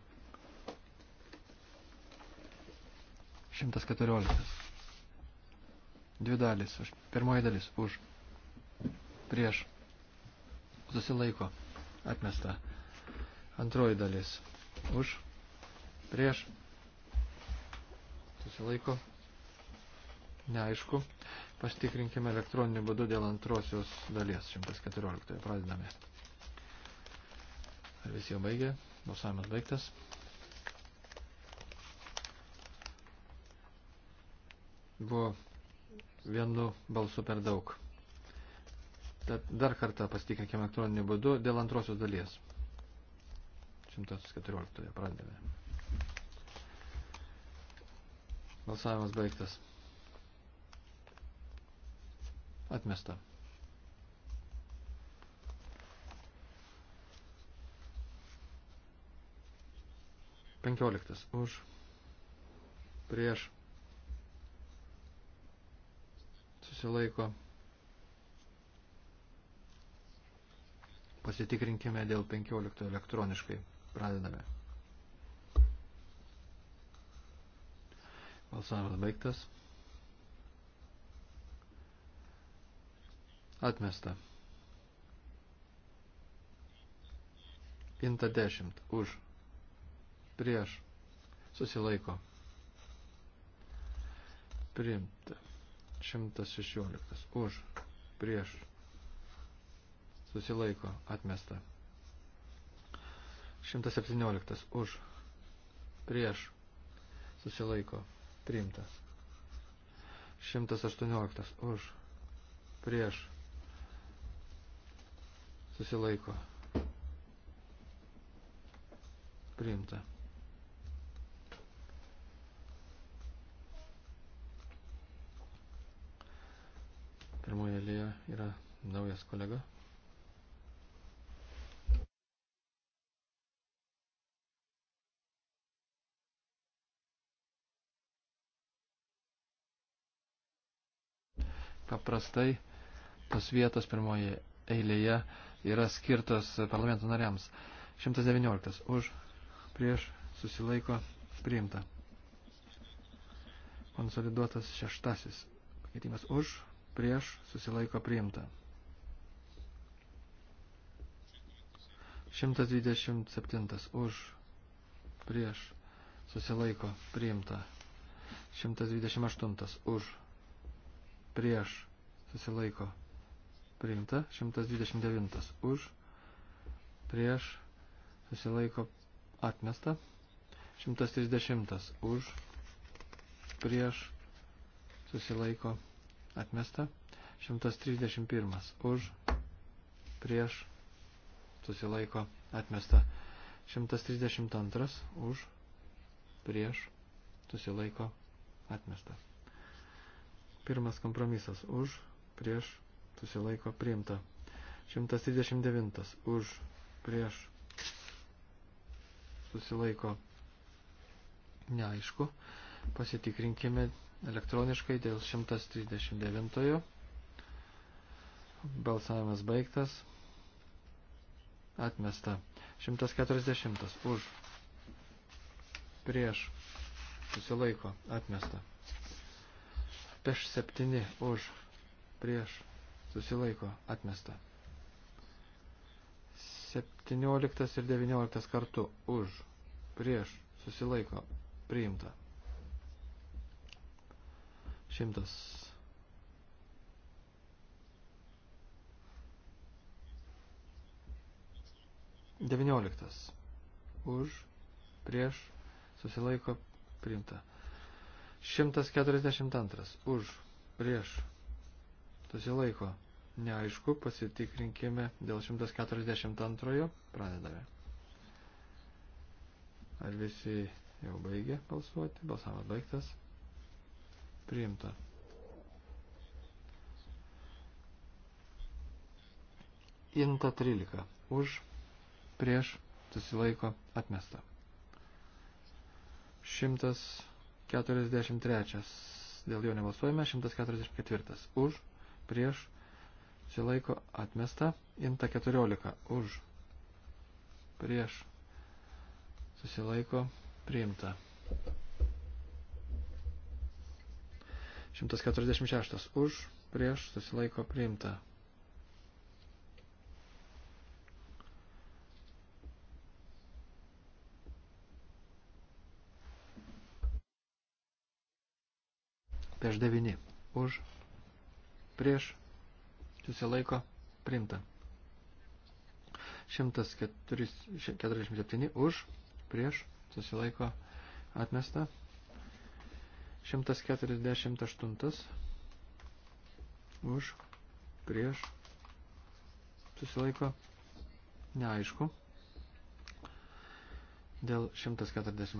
114. Dvi dalis. Pirmoji dalis už prieš susilaiko atmesta. Antroji dalis už, prieš, susilaiko, neaišku. Pastikrinkime elektroniniu būdu dėl antrosios dalies 114. Pradedame. Ar visi jau baigė? Balsavimas baigtas. Buvo vienu balsu per daug. Tad dar kartą pasitikrinkime elektroniniu būdu dėl antrosios dalies. 114 pradėme. Balsavimas baigtas. Atmesta. Penkioliktas už prieš susilaiko. Pasitikrinkime dėl 15 elektroniškai. Pradedame. Balsavimas baigtas. Atmesta. Pinta 10. Už. Prieš. Susilaiko. Priimta. 116. Už. Prieš. Susilaiko. Atmesta. 117 už prieš susilaiko priimta. 118 už prieš susilaiko priimta. Pirmoje eilėje yra naujas kolega. paprastai tos vietos pirmoje eilėje yra skirtos parlamento nariams. 119. Už prieš susilaiko priimta. Konsoliduotas šeštasis. Pakeitimas už prieš susilaiko priimta. 127. Už prieš susilaiko priimta. 128. Už prieš susilaiko priimta, 129 už, prieš susilaiko atmesta, 130 už, prieš susilaiko atmesta, 131 už, prieš susilaiko atmesta, 132 už, prieš susilaiko atmesta. Pirmas kompromisas už, prieš, susilaiko priimta. 139 už, prieš, susilaiko neaišku. Pasitikrinkime elektroniškai dėl 139. Balsavimas baigtas. Atmesta. 140 už, prieš, susilaiko atmesta. Peš 7 už prieš susilaiko atmesta. 17 ir 19 kartu už prieš susilaiko priimta. 100. Devynioliktas. Už, prieš, susilaiko, priimta. 142. Už. Prieš. Susilaiko. Neaišku, pasitikrinkime dėl 142. Pradedame. Ar visi jau baigė balsuoti? Balsavimas baigtas. Priimta. Inta 13. Už. Prieš. Susilaiko. Atmesta. 100. 143. Dėl jo nebalsuojame. 144. Už. Prieš. Silaiko atmesta. Inta 14. Už. Prieš. Susilaiko. Priimta. 146. Už. Prieš. Susilaiko. Priimta. prieš 9. Už, prieš, susilaiko, priimta. 147 už, prieš, susilaiko, atmesta. 148 už, prieš, susilaiko, neaišku. Dėl 148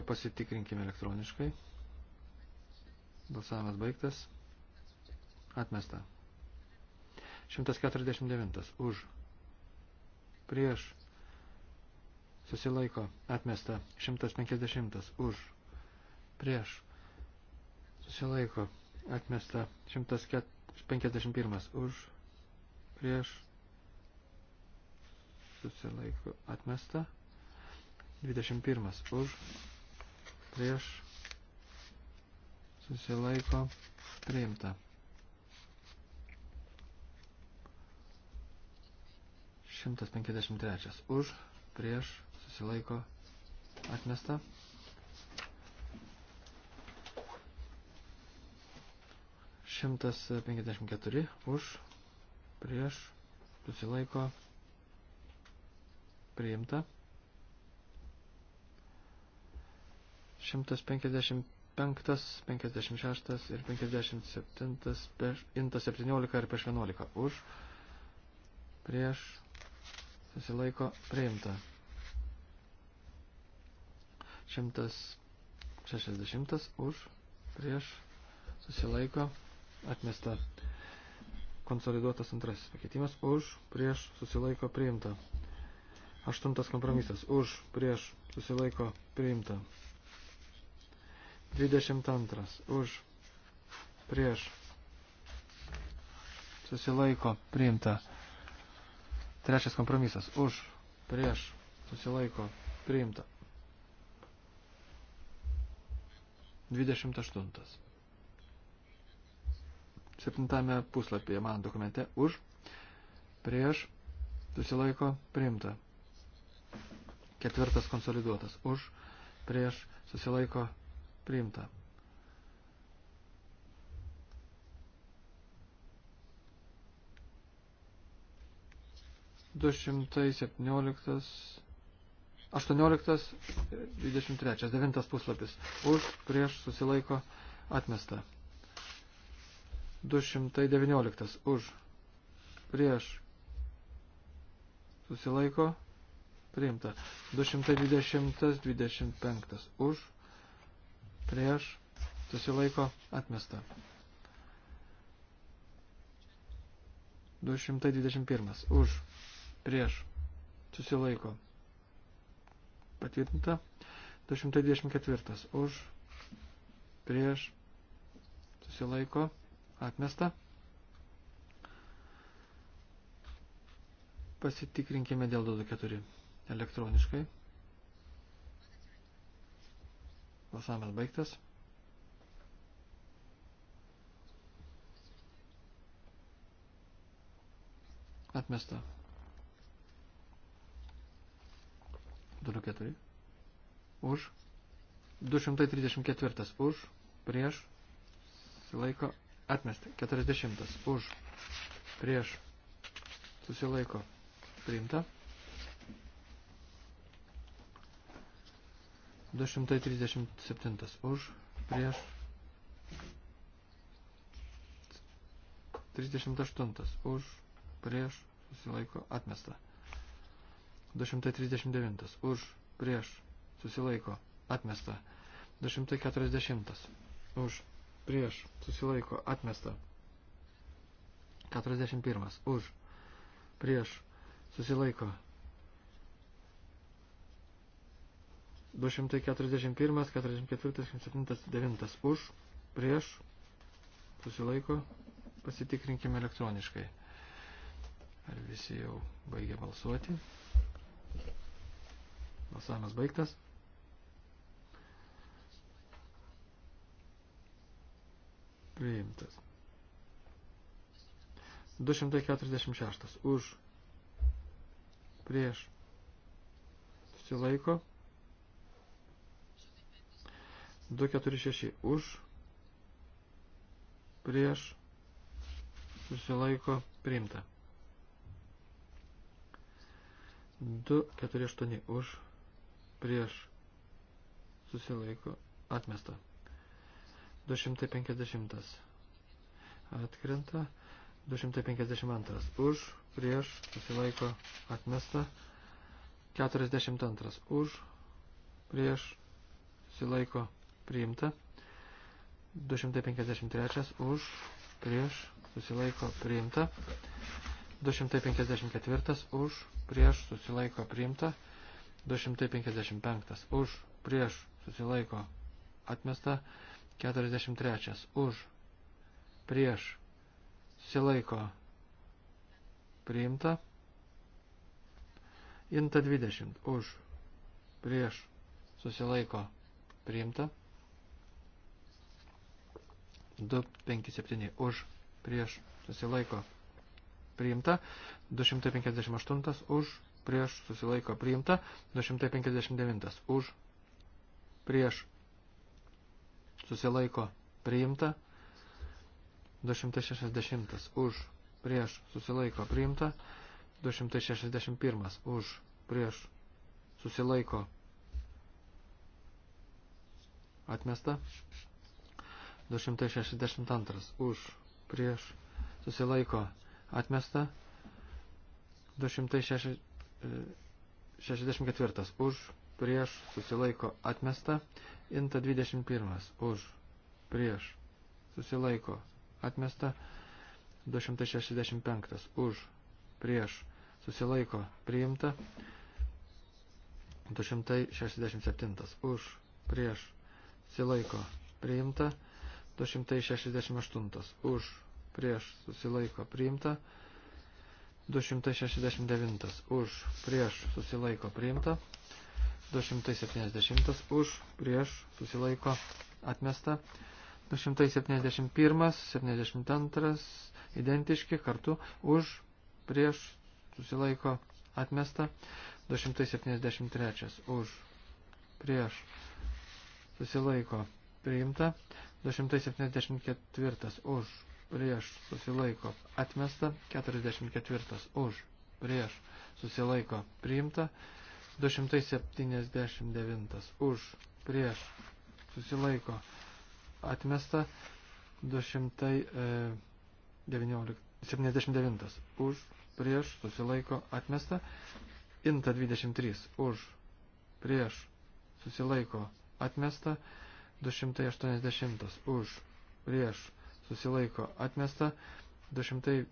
pasitikrinkime elektroniškai. Balsavimas baigtas. Atmesta. 149. Už. Prieš. Susilaiko. Atmesta. 150. Už. Prieš. Susilaiko. Atmesta. 151. Už. Prieš. Susilaiko. Atmesta. 21. Už. Prieš susilaiko priimta. Šimtas penkiasdešimt trečias už, prieš, susilaiko atmesta. Šimtas penkiasdešimt keturi už, prieš, susilaiko priimta. 155 56 ir 57, inta 17 ir prieš 11. Už, prieš, susilaiko, priimta. 160 už, prieš, susilaiko, atmesta. Konsoliduotas antrasis pakeitimas už, prieš, susilaiko, priimta. Aštuntas kompromisas už, prieš, susilaiko, priimta. 22 už prieš susilaiko priimta. Trečias kompromisas už prieš susilaiko priimta. 28. Septintame puslapyje man dokumente už prieš susilaiko priimta. Ketvirtas konsoliduotas už prieš susilaiko priimta priimta. Du šimtai septynioliktas, aštuonioliktas, dvidešimt trečias, devintas puslapis. Už, prieš, susilaiko, atmesta. Du šimtai devynioliktas, už, prieš, susilaiko, priimta. Du šimtai dvidešimtas, dvidešimt penktas, už, prieš, susilaiko atmesta. 221. Už, prieš, susilaiko. Patvirtinta. 224. Už, prieš, susilaiko, atmesta. Pasitikrinkime dėl 24 elektroniškai. Balsavimas baigtas. Atmesta. Toliau keturi. Už. 234 už. Prieš. Susilaiko. Atmesta. 40 už. Prieš. Susilaiko. Priimta. 237 už, prieš 38 už, prieš susilaiko atmesta. 239 už, prieš susilaiko atmesta. 240 už, prieš susilaiko atmesta. 41 už, prieš susilaiko atmesta. 241, 44, 47, 9 už, prieš, susilaiko, pasitikrinkime elektroniškai. Ar visi jau baigė balsuoti? Balsavimas baigtas. Priimtas. 246 už, prieš, susilaiko, 246 už, prieš, susilaiko, priimta. 248 už, prieš, susilaiko, atmesta. 250 atkrenta. 252 už, prieš, susilaiko, atmesta. 42 už, prieš, susilaiko, atmesta priimta. 253 už, prieš, susilaiko priimta. 254 už, prieš, susilaiko priimta. 255 už, prieš, susilaiko atmesta. 43 už, prieš, susilaiko priimta. Inta 20 už, prieš, susilaiko priimta. 257 už prieš susilaiko priimta, 258 už prieš susilaiko priimta, 259 už prieš susilaiko priimta, 260 už prieš susilaiko priimta, 261 už prieš susilaiko atmesta. 262 už prieš susilaiko atmesta. 264 už prieš susilaiko atmesta. Inta 21 už prieš susilaiko atmesta. 265 už prieš susilaiko priimta. 267 už prieš susilaiko priimta. 268 už prieš susilaiko priimta. 269 už prieš susilaiko priimta. 270 už prieš susilaiko atmesta. 271, 72 identiški kartu už prieš susilaiko atmesta. 273 už prieš susilaiko priimta. 274 už, prieš, susilaiko, atmesta, 44 už, prieš, susilaiko, priimta, 279 už, prieš, susilaiko, atmesta, 279 už, prieš, susilaiko, atmesta, inta 23 už, prieš, susilaiko, atmesta, 280 už, prieš, susilaiko, atmesta, 281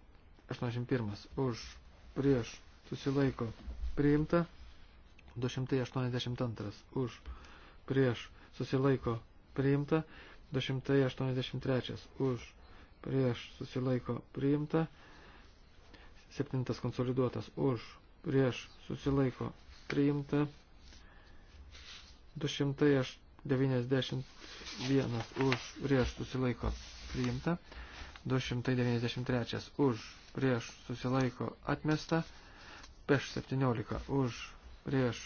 už, prieš, susilaiko, priimta, 282 už, prieš, susilaiko, priimta, 283 už, prieš, susilaiko, priimta, 7 konsoliduotas už, prieš, susilaiko, priimta, 208 91 už prieš susilaiko priimta, 293 už prieš susilaiko atmesta, peš 17 už prieš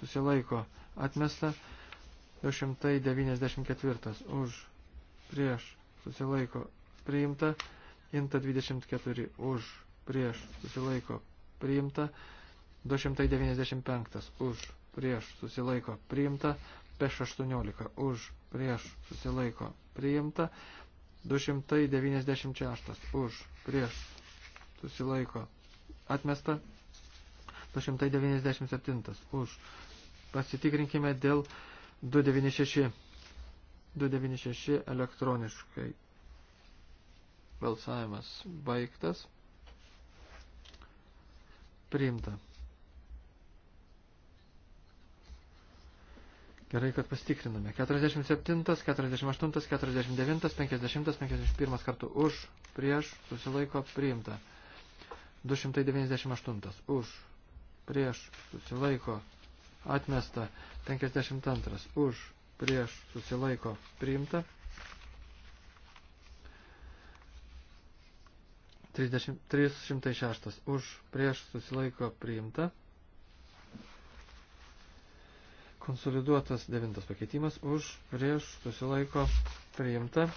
susilaiko atmesta, 294 už prieš susilaiko priimta, inta 24 už prieš susilaiko priimta, 295 už prieš susilaiko priimta, peš 18 už prieš susilaiko priimta, 296 už prieš susilaiko atmesta, 297 už. Pasitikrinkime dėl 296. 296 elektroniškai. Balsavimas baigtas. Priimta. Gerai, kad pastikriname. 47, 48, 49, 50, 51 kartų už, prieš, susilaiko, priimta. 298 už, prieš, susilaiko, atmesta. 52 už, prieš, susilaiko, priimta. 306 už, prieš, susilaiko, priimta. Konsoliduotas devintas pakeitimas už prieš susilaiko priimta.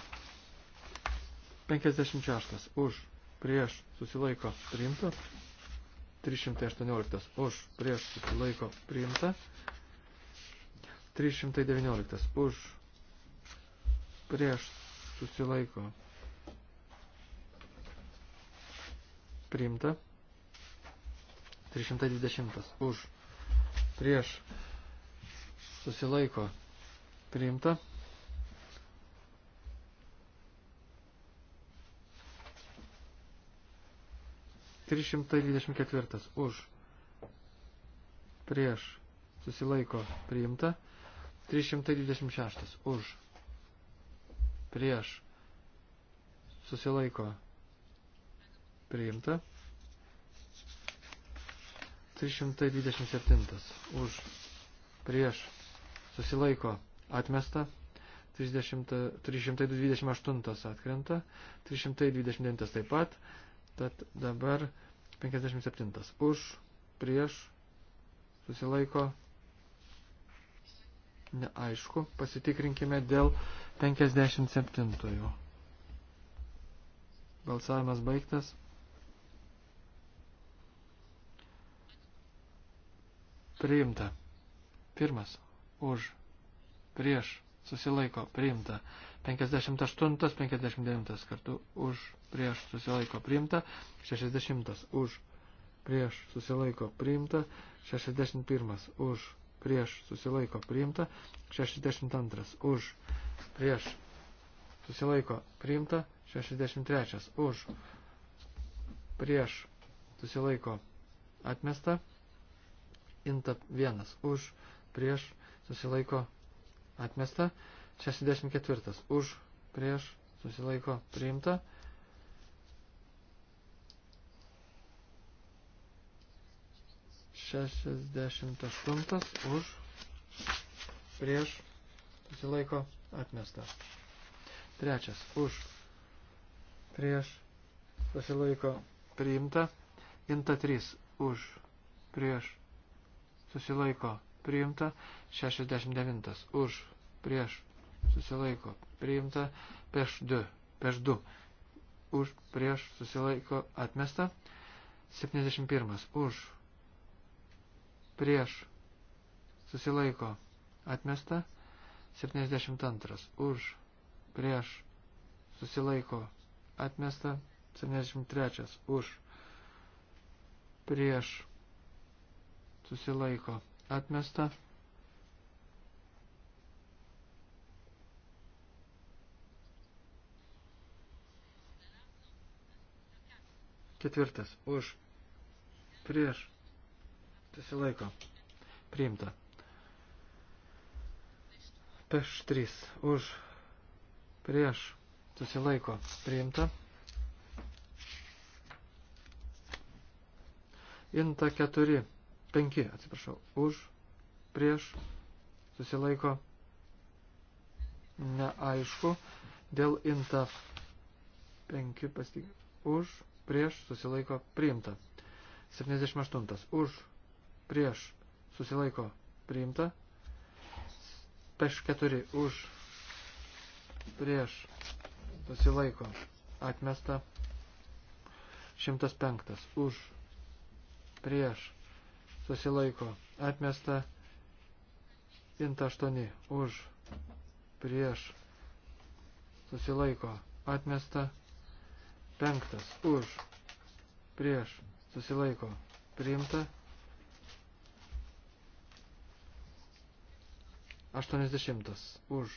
56 už prieš susilaiko priimta. 318 už prieš susilaiko priimta. 319 už prieš susilaiko priimta. 320 už prieš susilaiko priimta. Trys šimtai dvidešimt ketvirtas už prieš susilaiko priimta. 326 už prieš susilaiko priimta. 327 už prieš susilaiko atmesta, 30, 328 atkrenta, 329 taip pat, tad dabar 57 už, prieš, susilaiko, neaišku, pasitikrinkime dėl 57. Balsavimas baigtas. Priimta. Pirmas už, prieš, susilaiko, priimta. 58, 59 kartu už, prieš, susilaiko, priimta. 60 už, prieš, susilaiko, priimta. 61 už, prieš, susilaiko, priimta. 62 už, prieš, susilaiko, priimta. 63 už, prieš, susilaiko, atmesta. Inta 1 už, prieš, susilaiko atmesta, 64 už prieš susilaiko priimta. Šešiasdešimt aštuntas už prieš susilaiko atmesta. Trečias už prieš susilaiko priimta. Inta 3 už prieš susilaiko priimta, 69 už, prieš, susilaiko, priimta, prieš 2, prieš 2, už, prieš, susilaiko, atmesta, 71 už, prieš, susilaiko, atmesta, 72 už, prieš, susilaiko, atmesta, 73 už, prieš, susilaiko, atmesta. Ketvirtas. Už. Prieš. Susilaiko. Priimta. Peš 3. Už. Prieš. Susilaiko. Priimta. Inta 4. 5, atsiprašau, už, prieš, susilaiko, neaišku, dėl inta 5, pastik, už, prieš, susilaiko, priimta. 78, už, prieš, susilaiko, priimta. Peš 4, už, prieš, susilaiko, atmesta. 105, už, prieš, susilaiko atmesta. Inta 8 už prieš susilaiko atmesta. Penktas už prieš susilaiko priimta. 80 už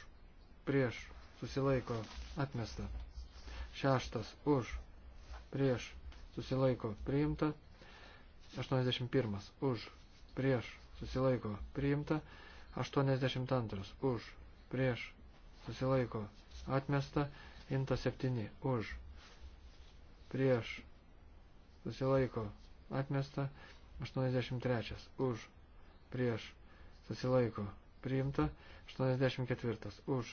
prieš susilaiko atmesta. Šeštas už prieš susilaiko priimta. 81 už, prieš, susilaiko, priimta. 82 už, prieš, susilaiko, atmesta. Inta 7 už, prieš, susilaiko, atmesta. 83 už, prieš, susilaiko, priimta. 84 už,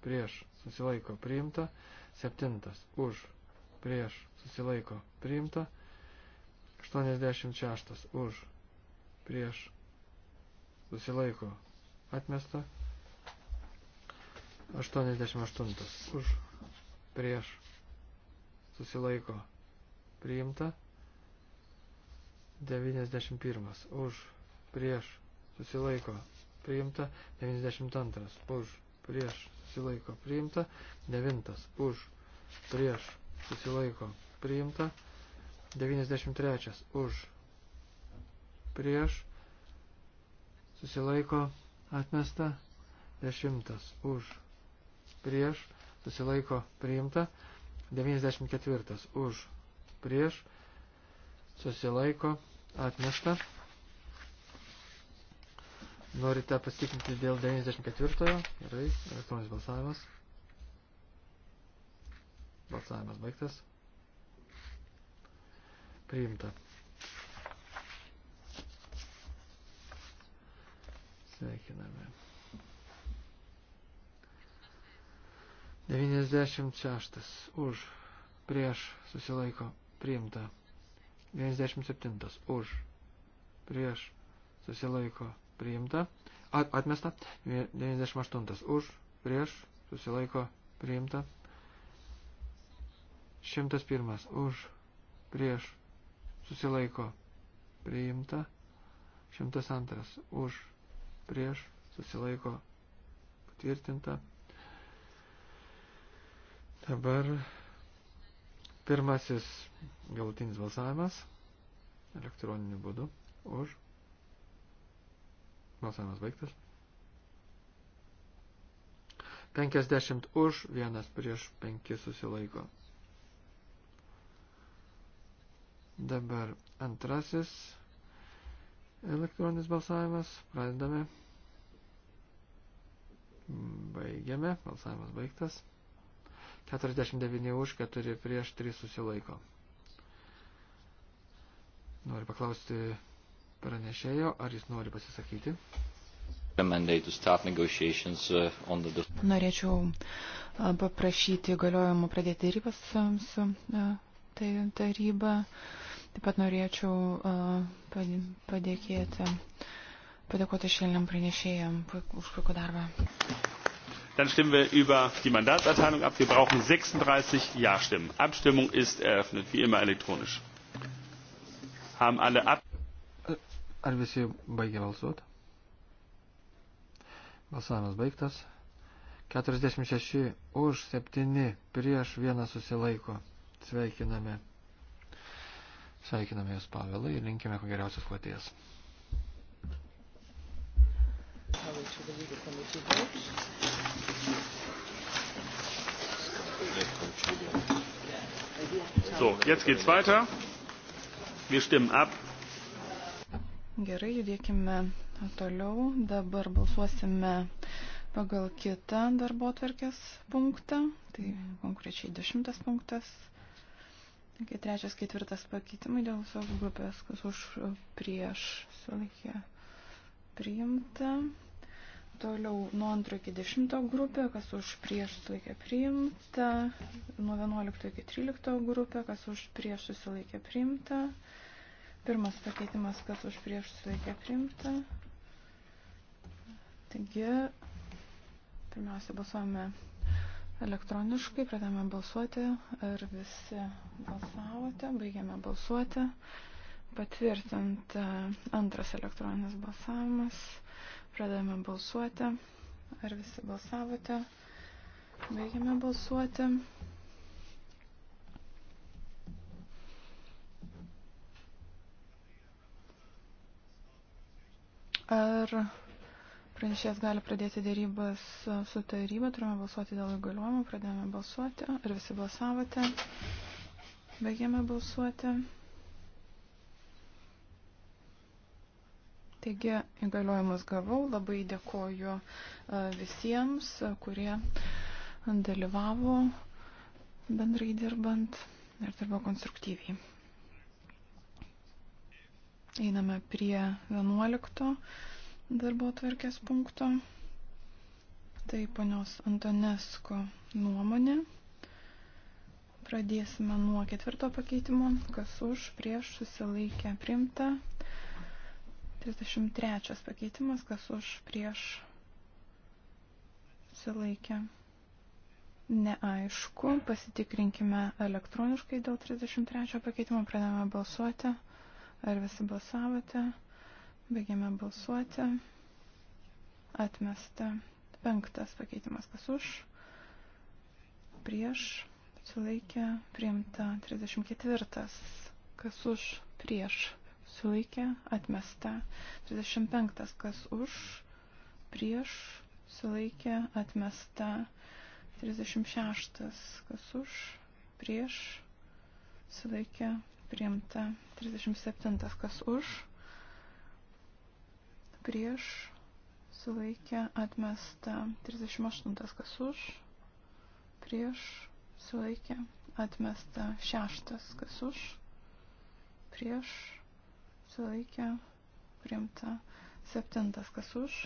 prieš, susilaiko, priimta. 7 už, prieš, susilaiko, priimta. 86 už prieš susilaiko atmesta. 88 už prieš susilaiko priimta. 91 už prieš susilaiko priimta. 92 už prieš susilaiko priimta. 9 už prieš susilaiko priimta. 93 už prieš susilaiko atmesta 10 už prieš susilaiko priimta 94 už prieš susilaiko atmesta norite pasitikinti dėl 94 gerai elektroninis balsavimas balsavimas baigtas Priimta. Sveikiname. 96 už prieš susilaiko priimta. 97 už prieš susilaiko priimta. At, atmesta. 98 už prieš susilaiko priimta. 101 už prieš susilaiko priimta, 102 už prieš susilaiko patvirtinta. Dabar pirmasis galutinis balsavimas elektroniniu būdu už. Balsavimas baigtas. 50 už, vienas prieš 5 susilaiko. Dabar antrasis elektroninis balsavimas. Pradedame. Baigiame. Balsavimas baigtas. 49 už, 4 prieš, 3 susilaiko. Noriu paklausti pranešėjo, ar jis nori pasisakyti. Uh, Norėčiau uh, paprašyti galiojimų pradėti rybas uh, su tai taryba. Taip pat norėčiau padėkėti, padėkoti šiandien pranešėjam už puikų darbą. Dann stimmen wir über die Mandatserteilung ab. Wir brauchen 36 Ja-Stimmen. Abstimmung ist eröffnet, wie immer elektronisch. Haben alle ab. Ar visi baigė balsuoti? Balsavimas baigtas. 46 už 7 prieš 1 susilaiko. Sveikiname. Sveikiname Jūs Pavelai ir linkime ko geriausios kloties. So, jetzt geht's weiter. Wir stimmen ab. Gerai, judėkime toliau. Dabar balsuosime pagal kitą darbo tvarkės punktą. Tai konkrečiai dešimtas punktas. Taigi trečias, ketvirtas pakeitimai dėl visos grupės, kas už prieš sulaikė priimta. Toliau nuo antro iki dešimto grupė, kas už prieš sulaikė priimta. Nuo vienuolikto iki trylikto grupė, kas už prieš susilaikė priimta. Pirmas pakeitimas, kas už prieš sulaikė priimta. Taigi, pirmiausia, balsuojame Elektroniškai pradėjome balsuoti, ar visi balsavote, baigėme balsuoti, patvirtint antras elektroninis balsavimas, pradėjome balsuoti, ar visi balsavote, baigėme balsuoti. Ar Pranešėjas gali pradėti dėrybas su taryba, turime balsuoti dėl įgaliojimų, pradėjome balsuoti, ar visi balsavote, baigėme balsuoti. Taigi įgaliojimus gavau, labai dėkoju e, visiems, e, kurie dalyvavo bendrai dirbant ir dirbo konstruktyviai. Einame prie 11 darbo tvarkės punkto. Tai ponios Antonesko nuomonė. Pradėsime nuo ketvirto pakeitimo, kas už, prieš, susilaikę, primta. 33 pakeitimas, kas už, prieš, susilaikę. Neaišku, pasitikrinkime elektroniškai dėl 33 pakeitimo, pradėjome balsuoti. Ar visi balsavote? Baigiame balsuoti. Atmesta. Penktas pakeitimas kas už. Prieš. Sulaikė. Priimta. 34. Kas už. Prieš. Sulaikė. Atmesta. 35. Kas už. Prieš. Sulaikė. Atmesta. 36. Kas už. Prieš. Sulaikė. Priimta. 37. Kas už prieš sulaikė atmesta 38 kas už, prieš sulaikė atmesta 6 kas už, prieš sulaikė priimta 7 kas už,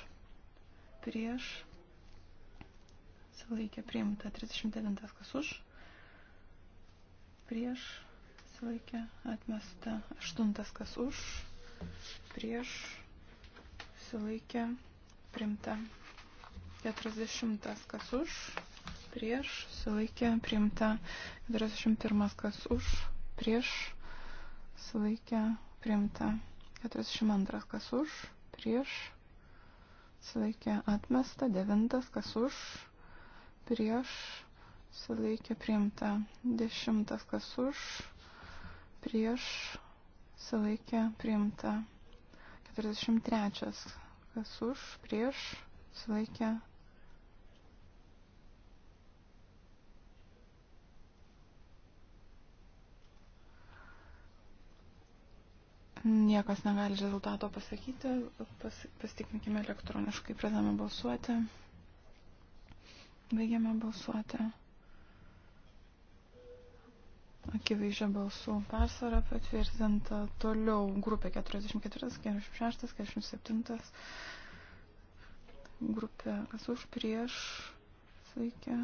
prieš sulaikė priimta 39 kas už, prieš sulaikė atmesta 8 kas už, prieš susilaikė primta. 40 kas už, prieš, susilaikė primta. 41 kas už, prieš, susilaikė primta. 42 kas už, prieš, susilaikė atmesta. 9 kas už, prieš, susilaikė primta. 10 kas už, prieš, susilaikė primta. 43. Kas už, prieš, sulaikė. Niekas negali rezultato pasakyti, Pas, pasitikrinkime elektroniškai, pradame balsuoti, baigiame balsuoti akivaizdžią balsų persvarą patvirtinta toliau grupė 44, 46, 47, grupė kas už prieš, sveiki,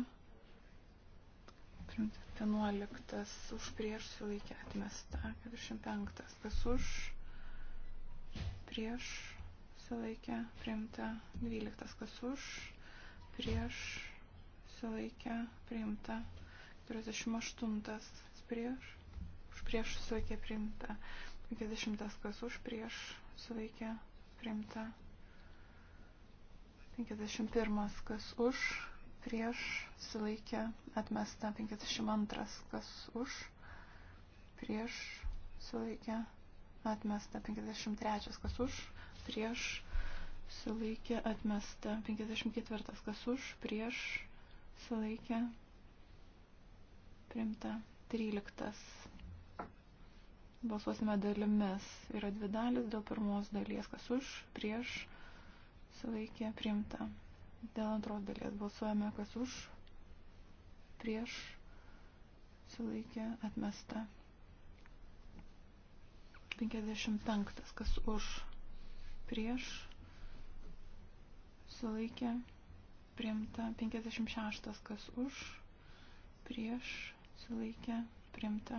11 už prieš sulaikė atmesta, 45 kas už prieš sulaikė priimta, 12 kas už prieš sulaikė priimta, 48 prieš, už prieš susilaikė priimta. 50 kas už prieš susilaikė priimta. 51 kas už prieš susilaikė atmesta. 52 kas už prieš susilaikė atmesta. 53 kas už prieš susilaikė atmesta. 54 kas už prieš susilaikė priimta. 13. Balsuosime dalimis. Yra dvi dalis dėl pirmos dalies, kas už, prieš, sulaikė, priimta. Dėl antros dalies balsuojame, kas už, prieš, sulaikė, atmesta. 55. Kas už, prieš, sulaikė, priimta. 56. Kas už, prieš, susilaikė, primta.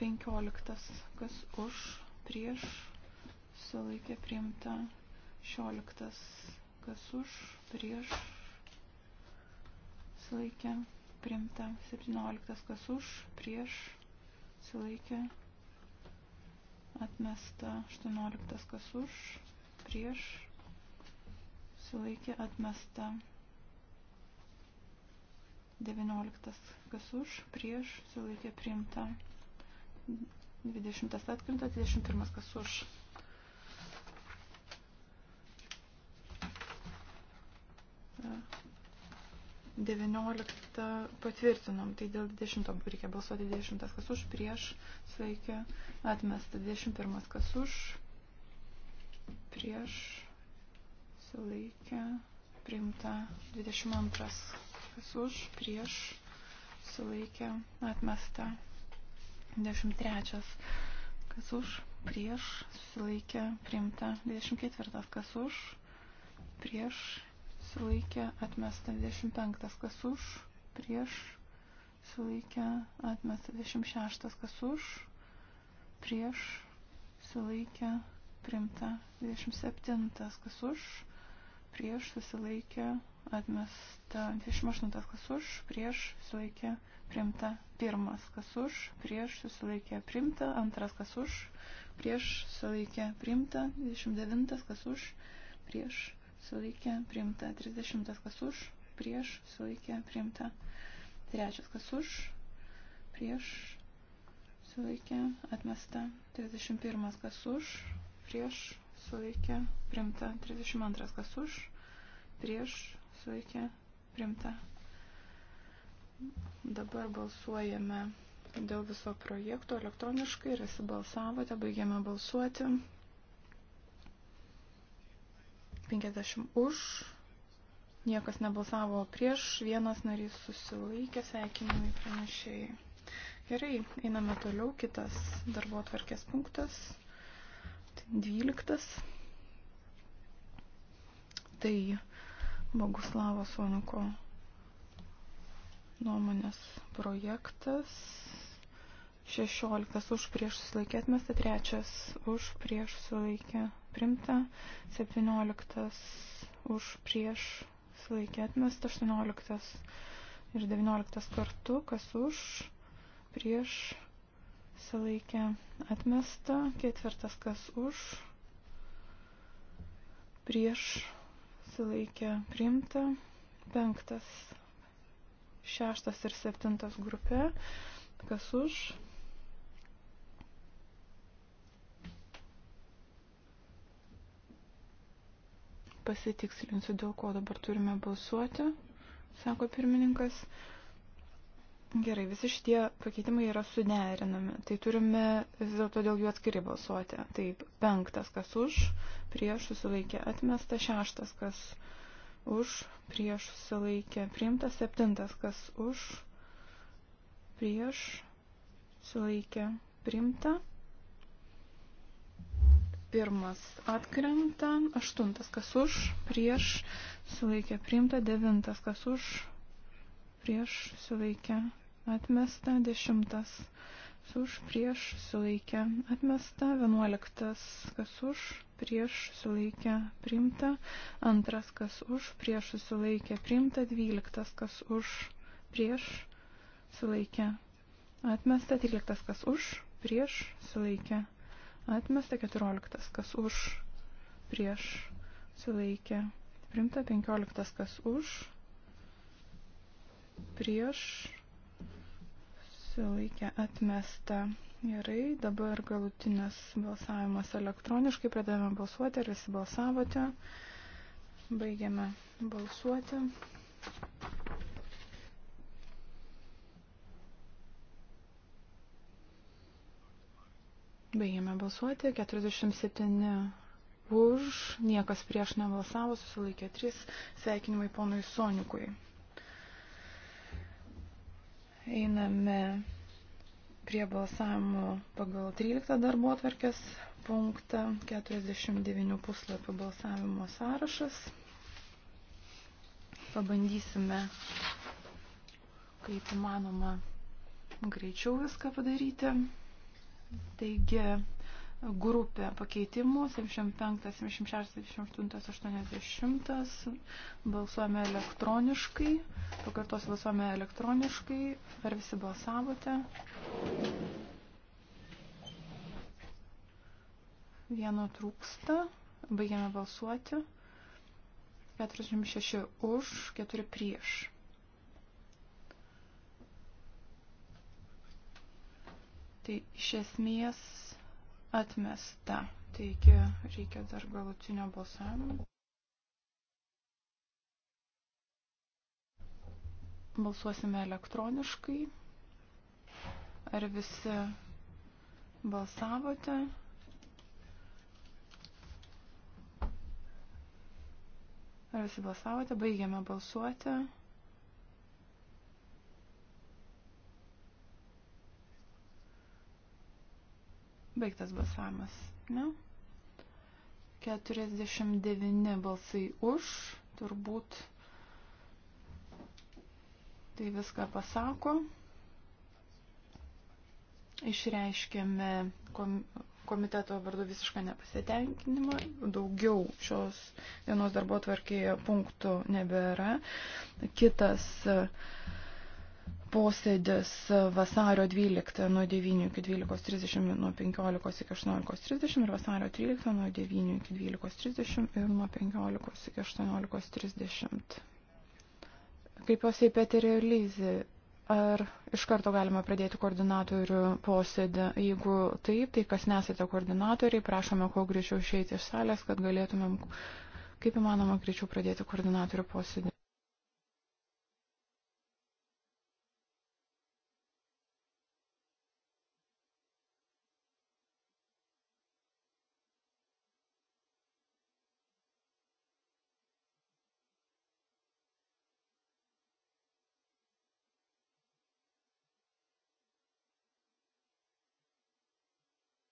15. Kas už, prieš, susilaikė, primta. 16. Kas už, prieš, susilaikė, primta. 17. Kas už, prieš, susilaikė, atmesta. 18. Kas už, prieš, susilaikė, atmesta. 19. Kas už, prieš, sulaikė priimta. 20. Atkrinta, 21. Kas už. Devinioliktą patvirtinom, tai dėl dvidešimto reikia balsuoti dvidešimtas kas už, prieš, sveiki, atmesta dvidešimt pirmas kas už, prieš, sulaikė, priimta dvidešimt antras kas už, prieš, sulaikė, atmesta. 23. Kas už, prieš, sulaikė, priimta. 24. Kas už, prieš, sulaikė, atmesta. 25. Kas už, prieš, sulaikė, atmesta. 26. Kas už, prieš, sulaikė, priimta. 27. Kas už, prieš, susilaikė, atmesta 28 kas už, prieš susilaikė primta pirmas kas už, prieš susilaikė primta antras kas už, prieš susilaikė primta 29 kas už, prieš susilaikė primta 30 kas už, prieš susilaikė primta trečias kas už, prieš susilaikė atmesta 31 kas už, prieš susilaikė primta 32 kas už, prieš susilaikė primta. Dabar balsuojame dėl viso projekto elektroniškai ir įsibalsavote, baigėme balsuoti. 50 už, niekas nebalsavo prieš, vienas narys susilaikė, sveikinimai pranešėjai. Gerai, einame toliau, kitas darbo tvarkės punktas, 12. Tai Boguslavo Soniko nuomonės projektas. 16 už prieš susilaikę atmesta, 3 už prieš susilaikę primta, 17 už prieš susilaikę atmesta, 18 ir 19 kartu, kas už prieš susilaikę atmesta, ketvirtas kas už prieš susilaikė priimta. Penktas, šeštas ir septintas grupė. Kas už? Pasitikslinsiu, dėl ko dabar turime balsuoti, sako pirmininkas. Gerai, visi šitie pakeitimai yra suderinami. Tai turime vis dėlto dėl jų atskiri balsuoti. Taip, penktas, kas už, prieš susilaikė atmesta, šeštas, kas už, prieš susilaikė priimtas, septintas, kas už, prieš susilaikė priimta, pirmas atkrenta, aštuntas, kas už, prieš susilaikė priimta, devintas, kas už, prieš susilaikė priimta atmesta, dešimtas, kas už, prieš, sulaikė, atmesta, vienuoliktas, kas už, prieš, sulaikė, primta, antras, kas už, prieš, sulaikė, primta, dvyliktas, kas už, prieš, sulaikė, atmesta, tryliktas, kas už, prieš, sulaikė, atmesta, keturioliktas, kas už, prieš, sulaikė, primta, penkioliktas, kas už, prieš, sulaikė, susilaikė atmesta. Gerai, dabar galutinės balsavimas elektroniškai, pradėjome balsuoti, ar visi balsavote. Baigiame balsuoti. Baigiame balsuoti, 47 už, niekas prieš nebalsavo, susilaikė 3, sveikinimai ponui Sonikui. Einame prie balsavimo pagal 13 darbo atvarkės punktą 49 puslapių balsavimo sąrašas. Pabandysime kaip įmanoma greičiau viską padaryti. Taigi, grupė pakeitimų 75, 76, 78, 80. Balsuojame elektroniškai. Pakartos balsuojame elektroniškai. Ar visi balsavote? Vieno trūksta. Baigiame balsuoti. 46 už, 4 prieš. Tai iš esmės atmesta. Taigi reikia dar galutinio balsavimo. Balsuosime elektroniškai. Ar visi balsavote? Ar visi balsavote? Baigėme balsuoti. Baigtas balsavimas. Ne? 49 balsai už, turbūt tai viską pasako. Išreiškėme komiteto vardu visišką nepasitenkinimą. Daugiau šios dienos darbo tvarkėje punktų nebėra. Kitas uh, posėdis vasario 12 nuo 9 iki 12.30, nuo 15 iki 18.30 ir vasario 13 nuo 9 iki 12.30 ir nuo 15 iki 18.30. Kreipiuosi į Peterį ir Lyzį. Ar iš karto galima pradėti koordinatorių posėdį? Jeigu taip, tai kas nesate koordinatoriai, prašome kuo greičiau išeiti iš salės, kad galėtumėm kaip įmanoma greičiau pradėti koordinatorių posėdį.